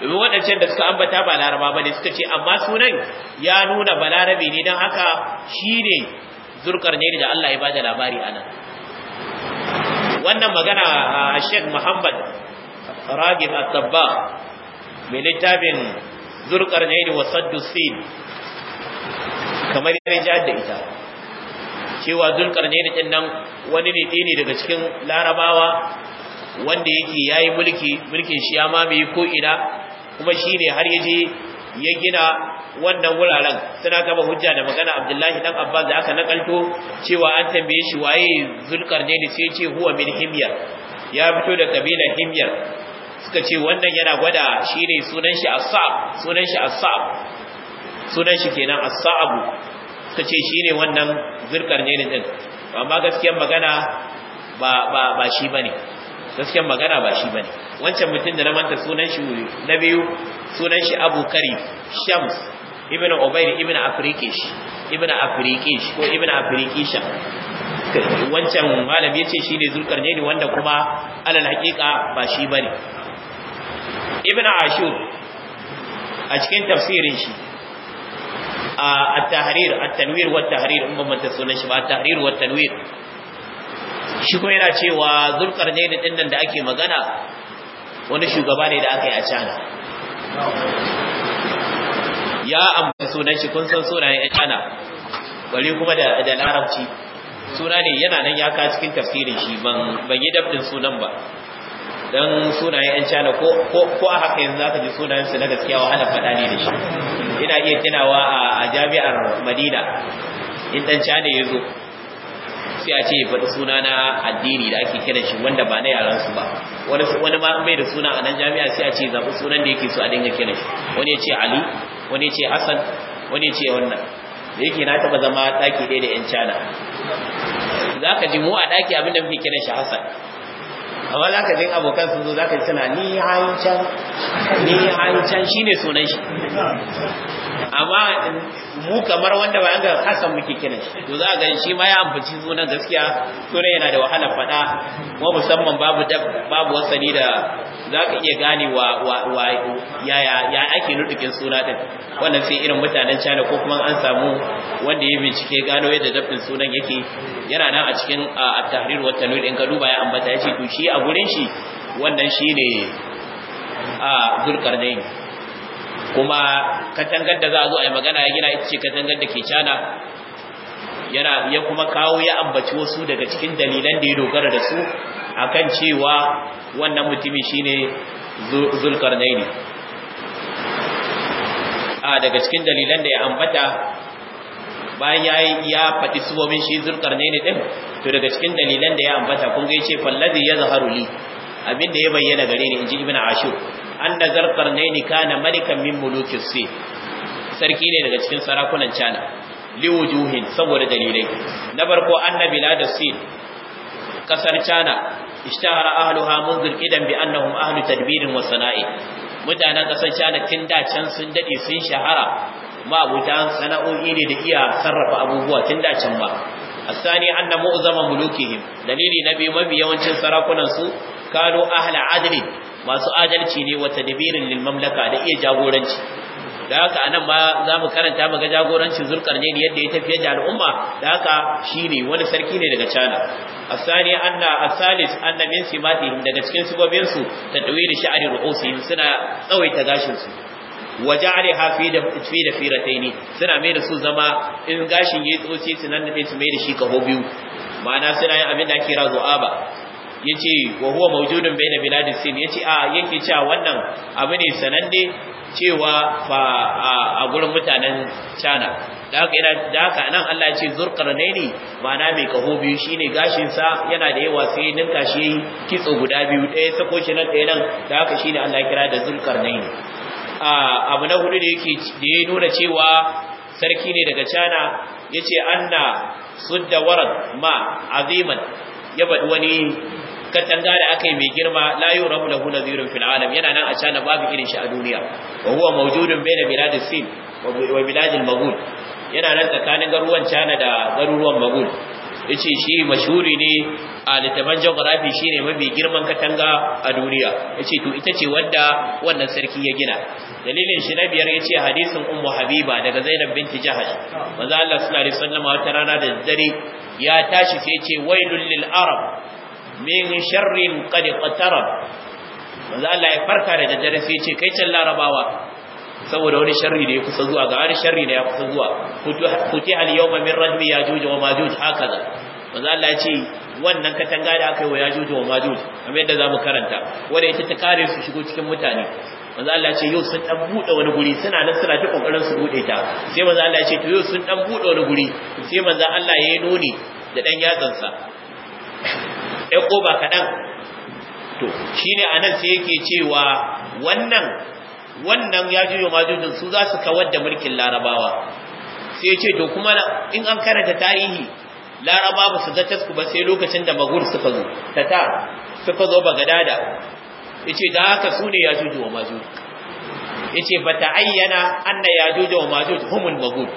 Speaker 1: domin waɗancan da suka ambata ba laraba bane suka ce amma sunan ya nuna balarabe ne don haka shine zurkar ne da Allah ya bada labari anan wannan magana a Sheikh Muhammad Ragib At-Tabba mai littafin Nayd wa sin kamar yana jihar da ita cewa Nayd din nan wani ne ne daga cikin Larabawa wanda yake yayi mulki mulkin shi ya mamaye ko ina kuma shine har yaje ya gina wannan wuraren suna kama hujja da magana Abdullahi dan Abbas da aka nakalto cewa an tambaye shi waye da sai ce huwa min Himyar ya fito da kabilar Himyar suka ce wannan yana gwada shine sunan shi As-Sa'ab sunan shi As-Sa'ab sunan shi kenan As-Sa'ab suka ce shine wannan Zulkarnaini din amma gaskiyar magana ba ba ba shi bane gaskiyar magana ba shi bane wancan mutum da na manta sunan shi na biyu sunan shi Abu kari Shams ibn ubayd ibn afrikish ibn afrikish ko ibn afrikisha wancan malam yace ne zulkarnaini wanda kuma alal haqiqa ba shi bane ibn ashur a cikin tafsirin shi at-tahrir at-tanwir wa at-tahrir in ban manta sunan shi ba at-tahrir wa at-tanwir shi ko yana cewa zulkarnaini din nan da ake magana wani shugaba ne da aka yi a cana ya amfani sunan shi kun san sunayen ƴan cana bari kuma da da larabci suna ne yana nan ya ka cikin tafsirin shi ban ban yi dabdin sunan ba dan sunayen ƴan cana ko a haka yanzu zaka ji sunayen su na gaskiya wahala faɗa ne da shi ina iya tunawa a jami'ar Madina in dan cana ya zo sai a ce ya faɗi suna na addini da ake kiran shi wanda ba na yaran su ba wani wani ma mai da suna a nan jami'a sai a ce zaɓi sunan da yake so a dinga kiran shi wani ya ce Ali wani ce Hassan wani ce wannan da yake na taba zama daki ɗaya da yan cana ka ji mu a daki abinda muke kiran shi Hassan amma ka ji abokan su zo ka ji suna ni hancan
Speaker 2: ni hancan
Speaker 1: shine sunan shi amma mu kamar wanda ba ga Hassan muke kiran shi to za ga shi ma ya ambaci sunan gaskiya sunan yana da wahala fada kuma musamman babu babu wasani da za ka iya gane wa ya ake nutukin suna din wannan sai irin mutanen China ko kuma an samu wanda ya bincike gano yadda dafin sunan yake yana nan a cikin tahrir wa tanwir in ka duba ya ambata ya ce to shi a gurin shi wannan shi ne a ne kuma katangar da za a zo a yi magana ya gina ita ce katangar da ke Cana yana ya kuma kawo ya ambaci wasu daga cikin dalilan da ya dogara da su akan cewa wannan mutumi shine zulkarnaini a daga cikin dalilan da ya ambata bayan ya faɗi subomin shi zulkarnaini din to daga cikin dalilan da ya ambata kun ga yace fallazi zaharu li abin da ya bayyana gare ni inji ibnu ashur anna zulkarnaini kana malikan min mulukis si sarki ne daga cikin sarakunan cana liwujuhin saboda dalilai na farko annabila da sin kasar China ishtahara ahluha munzil idan bi annahum ahlu tadbirin wa mutanen kasar China tun da can sun dade sun shahara ma abuta sana'o'i ne da iya sarrafa abubuwa tun da can ba الثاني أن معظم ملوكهم Dalili, Nabi, مبي yawancin sarakunan su كانوا أهل masu adalci ne wa tadbirin lil mamlaka da iya jagoranci da haka anan ma za mu karanta mu ga jagorancin zulkarnaini yadda ya tafiye da al'umma da haka shi shine wani sarki ne daga cana asali anna asalis anna min simatihim daga cikin sibobin su da sha'ari ru'usihim suna tsawaita gashin su waja'alha fi da fi da firataini suna mai da su zama in gashin yayi tsotsi sunan da su mai da shi kaho biyu ma'ana suna yin abin da ake razu'aba yace wa huwa mawjudun bayna biladis sin yace a yake cewa wannan abu ne sananne cewa fa a gurin mutanen China da haka ina da haka nan Allah ya ce zurqarnaini ma'ana mai kaho biyu shine gashin sa yana da yawa sai ninka shi kitso guda biyu ɗaya sako shi nan ɗaya nan da haka shine Allah ya kira da zurqarnaini abu na hudu da yake da ya nuna cewa sarki ne daga China yace anna sudda warad ma aziman ya bada wani katanga da aka yi mai girma la yuramu lahu nadhirun fil alam yana nan a cana babu irin shi a duniya wa huwa mawjudun baina bilad sin wa bilad al yana nan tsakanin garuruwan cana da garuruwan magul yace shi mashhuri ne a littafin geography shine mafi girman katanga a duniya yace to ita ce wadda wannan sarki ya gina dalilin shi na biyar yace hadisin ummu habiba daga zainab binti jahash manzo Allah sallallahu alaihi wasallam wata rana da dare ya tashi sai yace wailul lil arab min sharrin qad qatarab manzo Allah ya farka da daddare sai ce kai can larabawa saboda wani sharri da ya kusa zuwa ga wani sharri da ya kusa zuwa kuti al yawma min rajmi yajuj wa majuj hakaza manzo Allah ya ce wannan katanga da aka yi wa yajuj wa majuj kamar yadda zamu karanta wanda ita ta kare su shigo cikin mutane manzo Allah ya ce yau sun dan bude wani guri suna nan suna ta kokarin su bude ta sai manzo Allah ya ce to yau sun dan bude wani guri sai manzo Allah ya yi noni da dan yatsansa ɗan ƙoba kaɗan to shi ne a nan sai yake cewa wannan wannan ya juyo majujin su za su kawar da mulkin larabawa sai ya ce to kuma in an karanta tarihi laraba ba su zata tasku ba sai lokacin da magur suka zo tatar suka zo bagadada ya ce da haka su ne ya juju wa majuj ya ce ba ta ayyana na ya juju wa majuj humun magur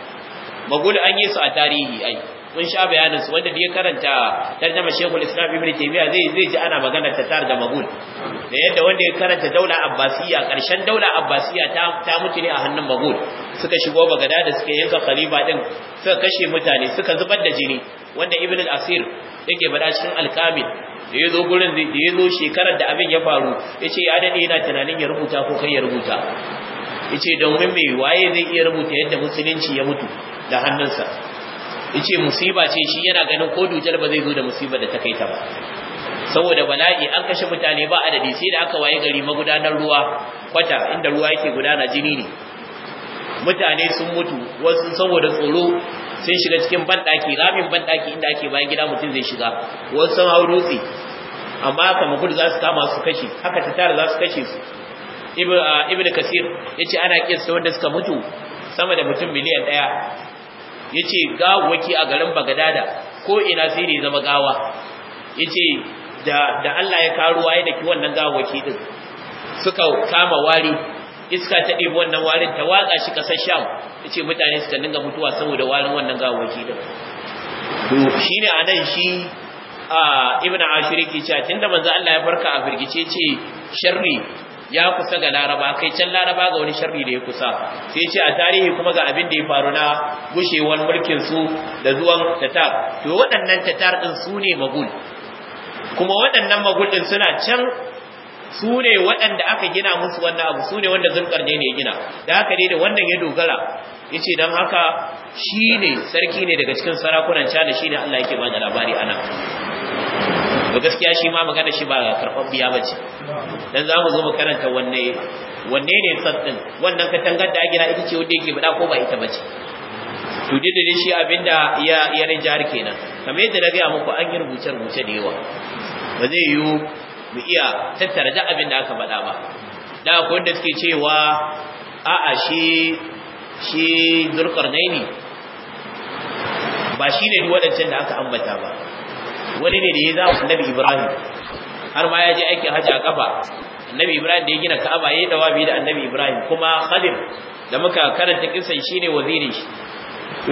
Speaker 1: magul an yi su a tarihi ai mun sha bayanin su wanda ya karanta tarjuma Sheikhul Islam Ibn Taymiyyah zai zai ji ana magana ta tar da magul da yadda wanda ya karanta daula Abbasiyya karshen daula Abbasiyya ta ta mutu ne a hannun magul suka shigo bagada da suka yanka khalifa din suka kashe mutane suka zubar da jini wanda Ibn al-Asir yake bada cikin al-Kamil da ya zo gurin da yazo shekarar da abin ya faru yace ce ya dade yana tunanin ya rubuta ko kai ya rubuta yace ce domin mai waye zai iya rubuta yadda musulunci ya mutu da hannunsa yace musiba ce shi yana ganin ko dujal ba zai zo da musiba da ta kai ta ba saboda bala'i an kashe mutane ba adadi sai da aka waye gari magudanar ruwa kwata inda ruwa yake gudana jini ne mutane sun mutu wasu saboda tsoro sun shiga cikin banɗaki ramin banɗaki inda ake bayan gida mutum zai shiga wasu sun hau dutse amma kama gudu za su kama su kashe haka ta tara za su kashe su ibn ah, kasir ya ce ana kiyasta wanda suka mutu sama da mutum miliyan ɗaya yace gawaki a garin bagadada ko ina sai ne zama gawa yace da da Allah ya karuwa ya daki wannan gawaki din suka kama wari iska ta ɗebi wannan warin ta watsa shi kasar sham Ya ce mutane suka dinga mutuwa saboda warin wannan gawaki din to shi ne a nan shi a ibn ashir ke tun da manzo Allah ya farka a firgice ce sharri ya kusa ga laraba kai can laraba ga wani sharri da ya kusa sai ya ce a tarihi kuma ga abin da ya faru na gushewar mulkin su da zuwan tatar to waɗannan tatar din su ne magul kuma waɗannan magul din suna can su ne waɗanda aka gina musu wannan abu su ne wanda zurkar ne ya gina da haka ne da wannan ya dogara ya ce don haka shi ne sarki ne daga cikin sarakunan cana shi ne Allah yake ba da labari ana da gaskiya shi ma magana shi ba biya ba ce dan za mu zo mu karanta wanne wanne ne sattin wannan katangar da gina ita ce wanda yake bada ko ba ita ba ce to dai da shi abinda ya ya rijar kenan kamar yadda na gaya muku an yi rubuce rubuce da yawa ba zai yiwu mu iya tattara da abin da aka faɗa ba da akwai wanda suke cewa a'a shi shi dulkarnaini ba shi ne waɗancan da aka ambata ba wani ne da ya zama annabi ibrahim har ma ya je aikin hajji a kafa annabi ibrahim da ya gina ka'aba ya yi dawabi da annabi ibrahim kuma khadir da muka karanta kisan shine wazirin shi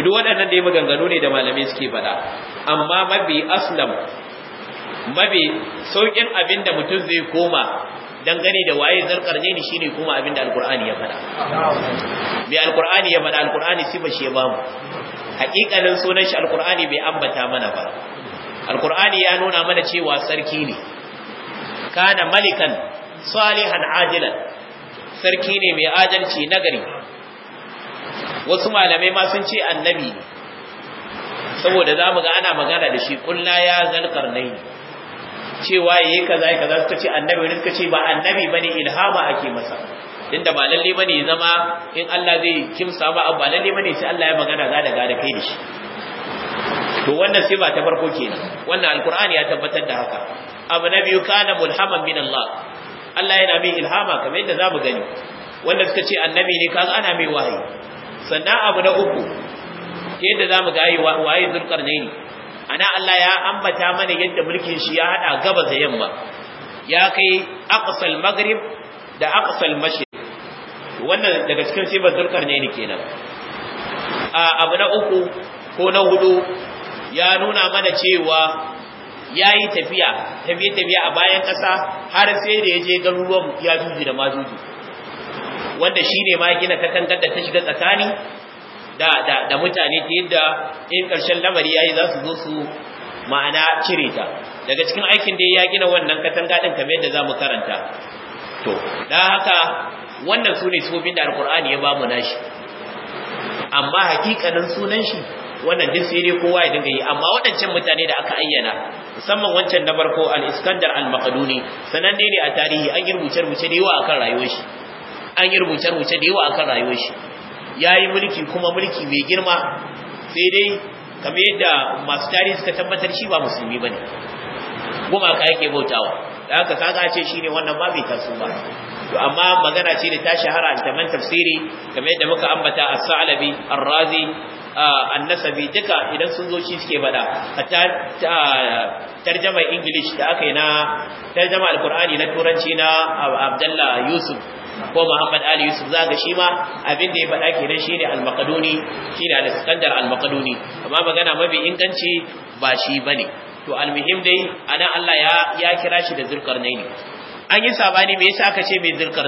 Speaker 1: duk waɗannan da ya maganganu ne da malamai suke faɗa amma mabi aslam mabi saukin abin mutum zai koma dangane da waye zarkar ne shine kuma abin da alkur'ani ya faɗa bai alkur'ani ya faɗa alkur'ani sifa shi ya bamu Haƙiƙanin sunan shi alkur'ani bai ambata mana ba alkur'ani ya nuna mana cewa sarki ne kana malikan salihan ajilan sarki ne mai adalci nagari wasu malamai ma sun ce annabi ne saboda za mu ga ana magana da shi kulla ya zalkar nai cewa yayi kaza yayi kaza suka ce annabi ne suka ce ba annabi bane ilhama ake masa inda ba lalle bane zama in Allah zai kimsa ba ba lalle bane sai Allah ya magana za da ga da kai da shi to wannan sifa ta farko kenan wannan alqur'ani ya tabbatar da haka abu na biyu kana mulhaman min Allah Allah yana mai ilhama kamar yadda zamu gani wanda suka ce annabi ne kaga ana mai wahayi sannan abu na uku ke yadda zamu ga yi wahayi zulkarnaini ana Allah ya ambata mana yadda mulkin shi ya hada gabas da yamma ya kai aqsal maghrib da aqsal mashriq wannan daga cikin sifar zulkarnaini kenan A abu na uku ko na hudu ya nuna mana cewa ya yi tafiya tafiye-tafiye a bayan ƙasa har sai da ya je garuruwan ya juji da juji. wanda shi ne ma gina katangar da ta shiga tsakani da mutane ta yadda in ƙarshen lamari ya yi za su zo su ma'ana cire ta daga cikin aikin da ya gina wannan katanga ɗin kamar yadda za mu karanta to da haka wannan su ne sufofin da alkur'ani ya ba mu nashi amma hakikanin sunan shi wannan duk sai dai kowa ya dinga yi amma waɗancan mutane da aka ayyana musamman wancan na barko, al-Iskandar al-Maqduni sananne ne a tarihi an yi rubuce-rubuce da yawa akan rayuwar shi an yi rubuce-rubuce da yawa akan rayuwar shi yayi mulki kuma mulki mai girma sai dai kamar yadda masu tarihi suka tabbatar shi ba musulmi bane gumaka yake bautawa da haka kaga ce ne wannan ba bai taso ba to amma magana ce da ta shahara a taman tafsiri kamar yadda muka ambata as-Sa'labi ar-Razi annasabi duka idan sun zo shi suke bada tarjama english da aka yi na tarjama alkur'ani na turanci na abdullah yusuf ko muhammad ali yusuf zaga shi ma abin da ya faɗa ke shine shi ne shine al-iskandar al amma magana mafi inganci ba shi ne. to almuhim dai anan Allah ya kira shi da naini. an yi sabani me yasa aka ce mai zirkar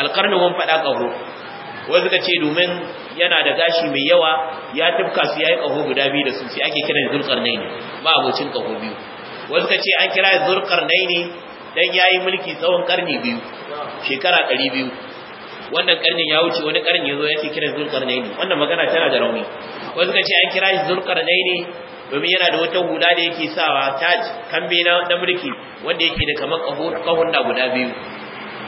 Speaker 1: alqarnu mun faɗa ƙaho wai suka ce domin yana da gashi mai yawa ya tafka su yayi kaho guda biyu da su sai ake kiran zulqarnaini ba abocin kaho biyu wai suka ce an kira zulqarnaini dan yayi mulki tsawon karni biyu shekara 200 wannan karnin ya wuce wani karni yazo yake kiran zulqarnaini wannan magana tana da rauni wai suka ce an kira zulqarnaini domin yana da wata hula da yake sawa taj kambe na mulki wanda yake da kamar kahon da guda biyu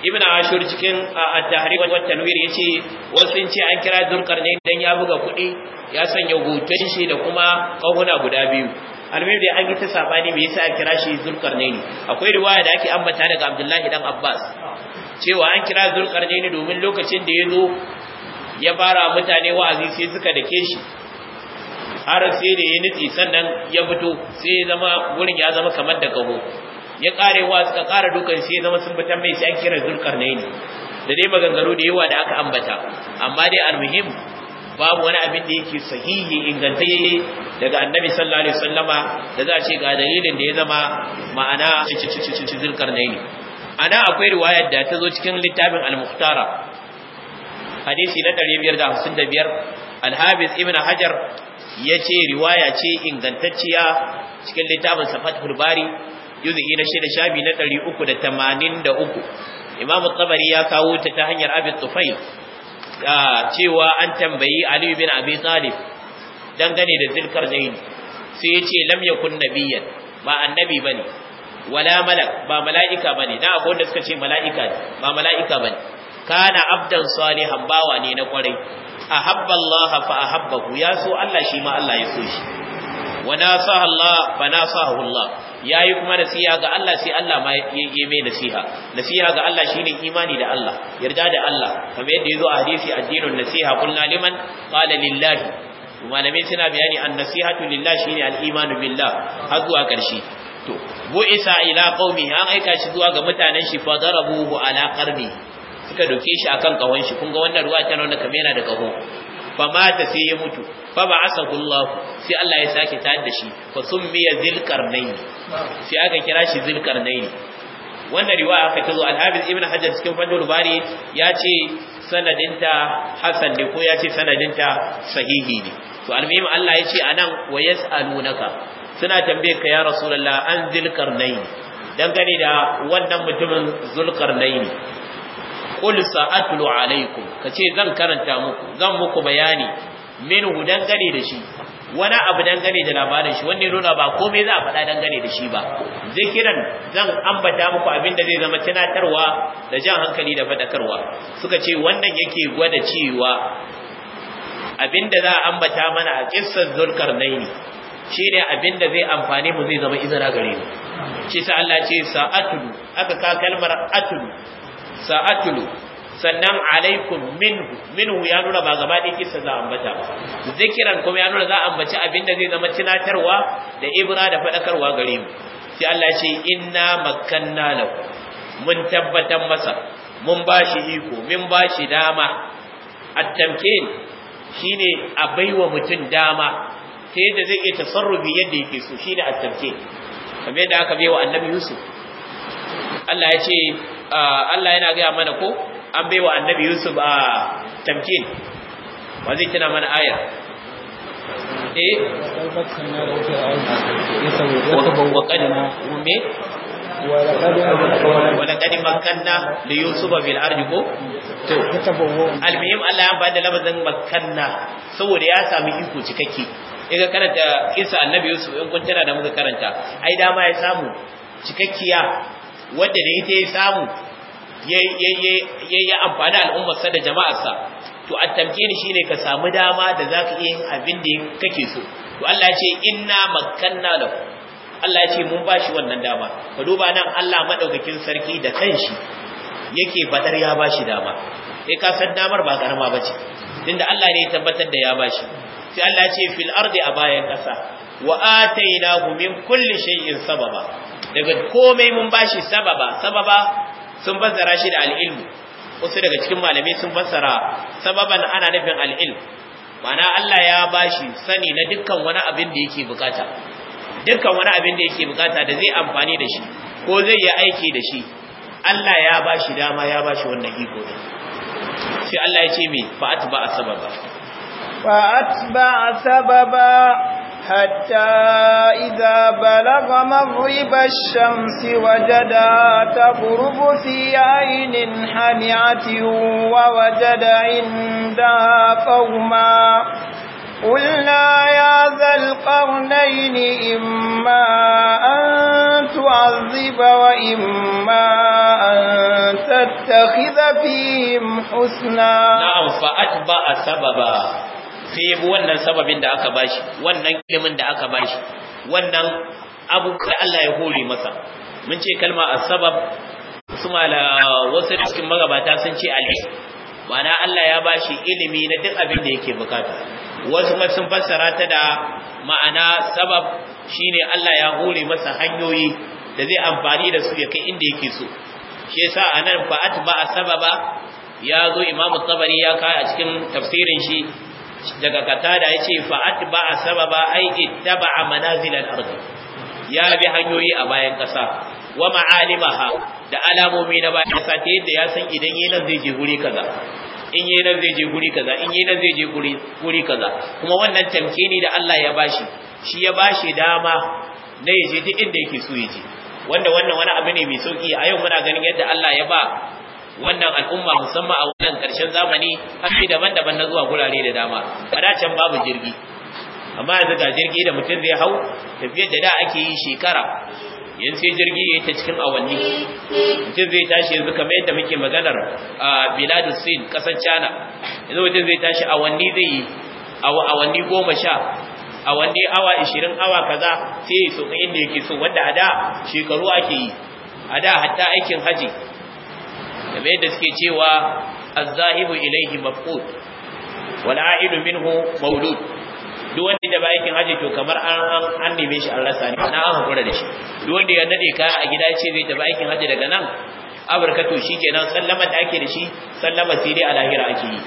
Speaker 1: ibn ashur cikin at-tahrir wa tanwir yace wasu sun ce an kira zulkarnain dan ya buga kuɗi ya sanya hoton shi da kuma kawuna guda biyu almai da an yi ta sabani me yasa an kira shi zulkarnain akwai riwaya da ake ambata daga abdullahi dan abbas cewa an kira zulkarnain domin lokacin da ya zo ya fara mutane wa'azi sai suka dake shi har sai da ya nitsi sannan ya fito sai zama wurin ya zama kamar da kaho ya karewa suka kara dukan shi zama sun bata mai sai an kira ne da dai maganganu da yawa da aka ambata amma dai almuhim babu wani abin da yake sahihi ingantayye daga annabi sallallahu alaihi wasallama da za a ce ga dalilin da ya zama ma'ana ne ana akwai riwayar da ta zo cikin littafin al-muhtara hadisi na 555 al-hafiz ibn hajar yace riwaya ce ingantacciya cikin littafin safatul bari juz'i na shida shafi na uku, Imamu Tabari ya kawo ta ta hanyar Abi Tufail cewa an tambayi Aliyu bin Abi Talib dangane da zaini, sai yace lamya yakun nabiyyan ba annabi ne, wala malak ba mala'ika bane na akwai wanda suka ce mala'ika ne ba mala'ika ne. kana abdan Sani bawa ne na kwarai ahabba Allah fa habbaku ya so Allah shi ma Allah ya so shi wa nasaha Allah fa nasahu Allah yayi kuma nasiha ga Allah sai Allah ma yayi mai nasiha nasiha ga Allah shine imani da Allah yarda da Allah kamar yadda yazo a hadisi addinun nasiha qulna liman qala lillahi malamai suna bayani an nasihatu lillahi shine al-imanu billah har zuwa karshe to bu'isa ila qaumi an aika shi zuwa ga mutanen shi fa darabuhu ala qarbi suka doke shi akan kawon shi kun ga wannan ruwa tana kame kamera da kaho fa mata sai ya mutu fa ba Allah sai Allah ya sake ta da shi fa summiya zilqarnain sai aka kira shi zilqarnain wannan riwaya aka tazo al-Hafiz Ibn Hajar cikin Fathul Bari ya ce sanadinta hasan ne ko ya ce sanadinta sahihi ne to almuhim Allah ya ce anan wa yas'alunaka suna tambaye ka ya rasulullah an zilqarnain dangane da wannan mutumin zulqarnain qul sa'atlu alaikum kace zan karanta muku zan muku bayani min hudan gane da shi wani abu dangane da labarin shi wanne nuna ba komai za a faɗa dangane da shi ba zikiran zan ambata muku abin da zai zama tunatarwa da jan hankali da faɗakarwa suka ce wannan yake gwada cewa abin da za a ambata mana a kissar zulkarnaini shine abin da zai amfane mu zai zama izina gare mu shi sa Allah ce sa'atul aka ka kalmar atul sa'atulu sannan alaikum minhu minhu ya nuna ba gaba ɗaya kisa za a ambata ba zikiran kuma ya nuna za a ambaci abin da zai zama tunatarwa da ibra da faɗakarwa gare mu sai Allah ce inna makanna lahu mun tabbatar masa mun bashi iko mun bashi dama at-tamkin shine a baiwa mutum dama ta yadda zai iya tasarrufi yadda yake so shine at-tamkin kamar yadda aka baiwa annabi Yusuf Allah ya ce ah, Allah yana gaya mana ko an baiwa annabi Yusuf a ah, tamkin wa zai tana mana ayar eh wa qad makanna ولقد Yusuf ليوسف في الارض ko to almuhim Allah ya bada labazin makanna saboda ya sami iko cikakke iga karanta kisa annabi Yusuf in kun tana da muka karanta ai dama ya samu cikakkiya wadda da ita ya samu ya yi amfani al'ummarsa da jama'arsa to a ni shine ka samu dama da zaka iya yin abin da kake so to Allah ya ce inna makkanna lahu Allah ya ce mun bashi wannan dama ka duba nan Allah madaukakin sarki da kanshi yake badar ya bashi dama sai ka san damar ba karama ce. tunda Allah ne ya tabbatar da ya bashi sai Allah ya ce fil ardi a bayan kasa wa atainahu min kulli shay'in sababa daga komai mun bashi sababa sababa sun fassara shi da al'ilmu wasu daga cikin malamai sun fassara sababan ana nufin al'ilm Mana Allah ya bashi sani na dukkan wani abin da yake bukata dukkan wani abin da yake bukata da zai amfani da shi ko zai yi aiki da shi Allah ya bashi dama ya bashi wannan iko din sai Allah ya ce me fa'atba sababa
Speaker 2: fa'atba sababa حتى إذا بلغ مغرب الشمس وجدها تغرب في عين حمعة ووجد عندها قوما قلنا يا ذا القرنين إما أن تعذب وإما أن تتخذ فيهم حسنا نعم
Speaker 1: فأتبع سببا sai ya wannan sababin da aka bashi wannan ilimin da aka bashi wannan da Allah ya hore masa mun ce kalma asbab su mala wasu cikin magabata sun ce alis ma'ana Allah ya bashi ilimi na duk abin da yake bukata wasu ma sun fassara ta da ma'ana sabab shine Allah ya hore masa hanyoyi da zai amfani da su ya kai inda yake so shi yasa anan fa'at ba sababa ya zo imamu tabari ya kai a cikin tafsirin shi daga katada yace fa atba'a sababa ai ittaba'a a al-ard ya bi hanyoyi a bayan kasa wa ma'alimaha da alamomi na bayan kasa ta yadda ya san idan yi nan zai je guri kaza in yi nan zai je guri kaza in yi nan zai je guri kaza kuma wannan ne da Allah ya bashi shi ya bashi dama na yaje duk inda yake so yaje wanda wannan wani abu ne mai sauki a yau muna ganin yadda Allah ya ba wannan al'umma musamman a wannan ƙarshen zamani hanyoyi daban-daban na zuwa gurare da dama a dacen babu jirgi amma yanzu ga jirgi da mutum zai hau tafiyar da da ake yi shekara yanzu sai jirgi ya ta cikin awanni mutum zai tashi yanzu kamar yadda muke maganar a biladun sin ƙasar china yanzu mutum zai tashi awanni zai yi awanni goma sha awanni awa ishirin awa kaza sai ya so inda yake so wanda a da shekaru ake yi a da hatta aikin haji game da suke cewa az-zahibu ilayhi mafqud wal a'idu minhu mawlud duk wanda da kin haji to kamar an an neme shi an rasa ne na an hakura da shi duk wanda ya nade ka a gida ce zai da kin haji daga nan abarka to shikenan sallama da ake da shi sallama sai dai a lahira ake yi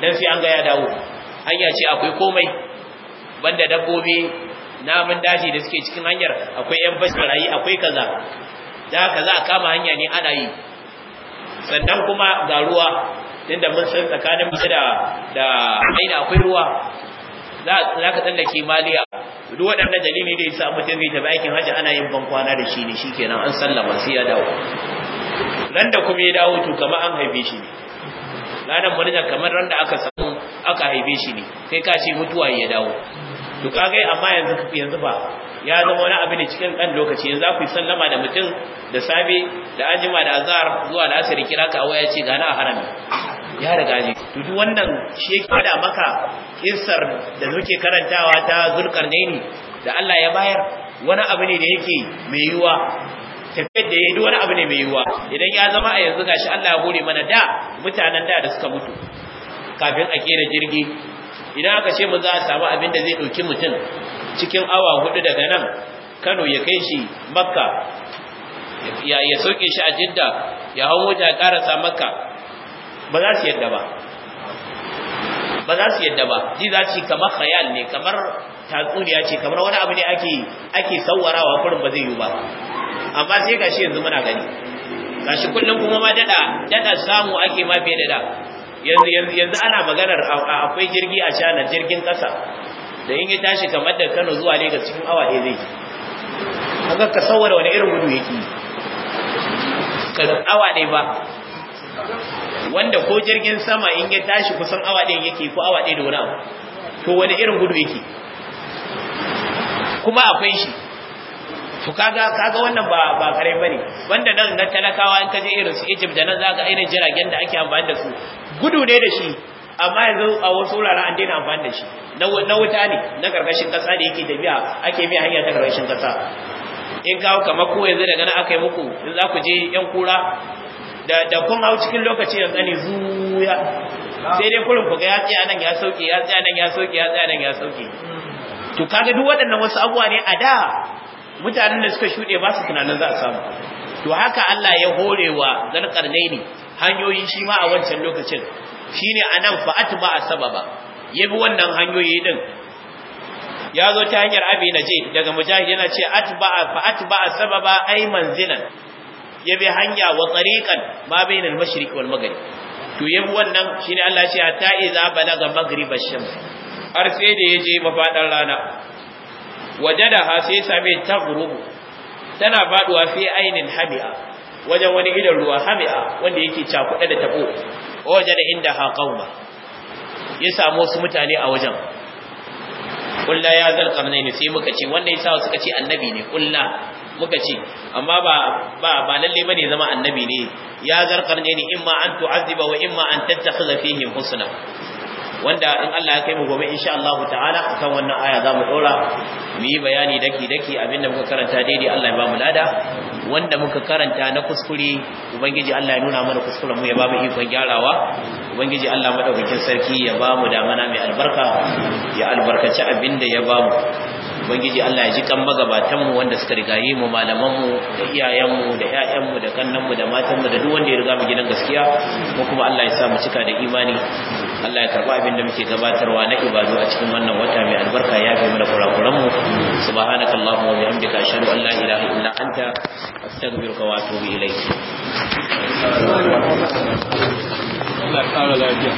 Speaker 1: dan sai an ga ya dawo hanya ce akwai komai banda dabbobi namun daji da suke cikin hanyar akwai yan bashirayi akwai kaza da kaza kama hanya ne ana yi sannan kuma ga ruwa inda mun san tsakanin mu da da aina akwai ruwa za ka tsallake maliya duk waɗannan dalili da yasa mutum zai tafi aikin hajji ana yin bankwana da shi ne shikenan an sallama sai ya dawo ran da kuma ya dawo to kamar an haife shi ne ranar murnar kamar ran da aka samu aka haife shi ne sai ka ce mutuwa ya dawo to kaga amma yanzu yanzu ba ya zama wani abu ne cikin ɗan lokaci yanzu ku yi sallama da mutum da safe da ajima da azhar zuwa da asiri kira ka waya ce gana a harami ya riga ne to duk wannan shi yake da maka kissar da muke karantawa ta zulkarnaini da Allah ya bayar wani abu ne da yake mai yiwa tafiyar da duk wani abu ne mai yiwa idan ya zama a yanzu gashi Allah ya gode mana da mutanen da da suka mutu kafin a kera jirgi idan aka ce mu za a samu abin da zai ɗauki mutum cikin awa hudu daga nan kano ya kai shi makka ya soke shi a jidda ya hau mota ya karasa makka ba za su yadda ba ba za su yadda ba ji za su kamar khayal ne kamar tatsuniya ce kamar wani abu ne ake ake sawarawa kurin ba zai yi ba amma sai gashi yanzu muna gani gashi kullum kuma ma dada dada samu ake ma fiye da da yanzu yanzu ana maganar akwai jirgi a China jirgin kasa da in ya tashi kamar da Kano zuwa ga cikin awa ɗaya zai haka ka saurara wani irin gudu yake ka awa ɗaya ba wanda ko jirgin sama in ya tashi kusan awa ɗaya yake ko awa ɗaya da wani abu to wani irin gudu yake kuma akwai shi to kaga kaga wannan ba ba kare bane wanda nan na talakawa in kaje irin su Egypt da nan zaka irin jiragen da ake amfani da su gudu ne da shi amma yanzu a wasu wuraren an daina amfani da shi na wuta ne na karkashin kasa da yake tafiya ake biya hanya ta karkashin kasa in kawo kamar kowai yanzu daga na aka yi muku in za ku je yan kura da kun hau cikin lokaci ya tsani zuya sai dai kurin ku ga ya tsaya nan ya sauke ya tsaya nan ya sauke ya tsaya nan ya sauke to kaga duk waɗannan wasu abubuwa ne a da mutanen da suka shuɗe ba su tunanin za a samu to haka Allah ya hore wa zarkar ne hanyoyin shi ma a wancan lokacin shine anan ma sababa Yabi wannan hanyoyi din ya zo ta hanyar abi na je daga mujahid yana ce atba'a fa atba'a sababa ay manzilan ya bi hanya wa tariqan ma al mashriq wal maghrib to yabi bi wannan shine Allah ya ce ta iza balaga maghrib ash-shams har sai da ya je mafadan rana ha sai same taghrubu tana faduwa fi ainin habi'a wajen wani gidan ruwa hami'a wanda yake cakuɗe da tabo wajen inda ha qauma ya samu wasu mutane a wajen kulla ya zal karnaini sai muka ce wanda ya sa suka ce annabi ne kulla muka ce amma ba ba ba lalle bane zama annabi ne ya zal karnaini imma an tu'azziba wa imma an tattakhidha fihim husna wanda in Allah ya kai mu gobe insha Allah ta'ala akan wannan aya za mu dora mu yi bayani daki daki abinda muka karanta daidai Allah ya ba mu lada wanda muka karanta na kuskure ubangiji Allah ya nuna mana kuskuren mu ya ba mu ikon gyarawa ubangiji Allah madaukakin sarki ya ba mu damana mai albarka ya albarkaci abinda ya ba mu ubangiji Allah ya ji kan magabatan mu wanda suka rigaye mu malaman mu da iyayen mu da ƴaƴan mu da kannan mu da matan mu da duk wanda ya riga mu gidan gaskiya ko kuma Allah ya sa mu cika da imani Allah ya karba abin da muke gabatarwa na ibadu a cikin wannan wata mai albarka ya fi mana kurakuran mu subhanaka allahumma wa bihamdika ashhadu an la ilaha illa anta astaghfiruka wa atubu ilayk Allah ya kara lafiya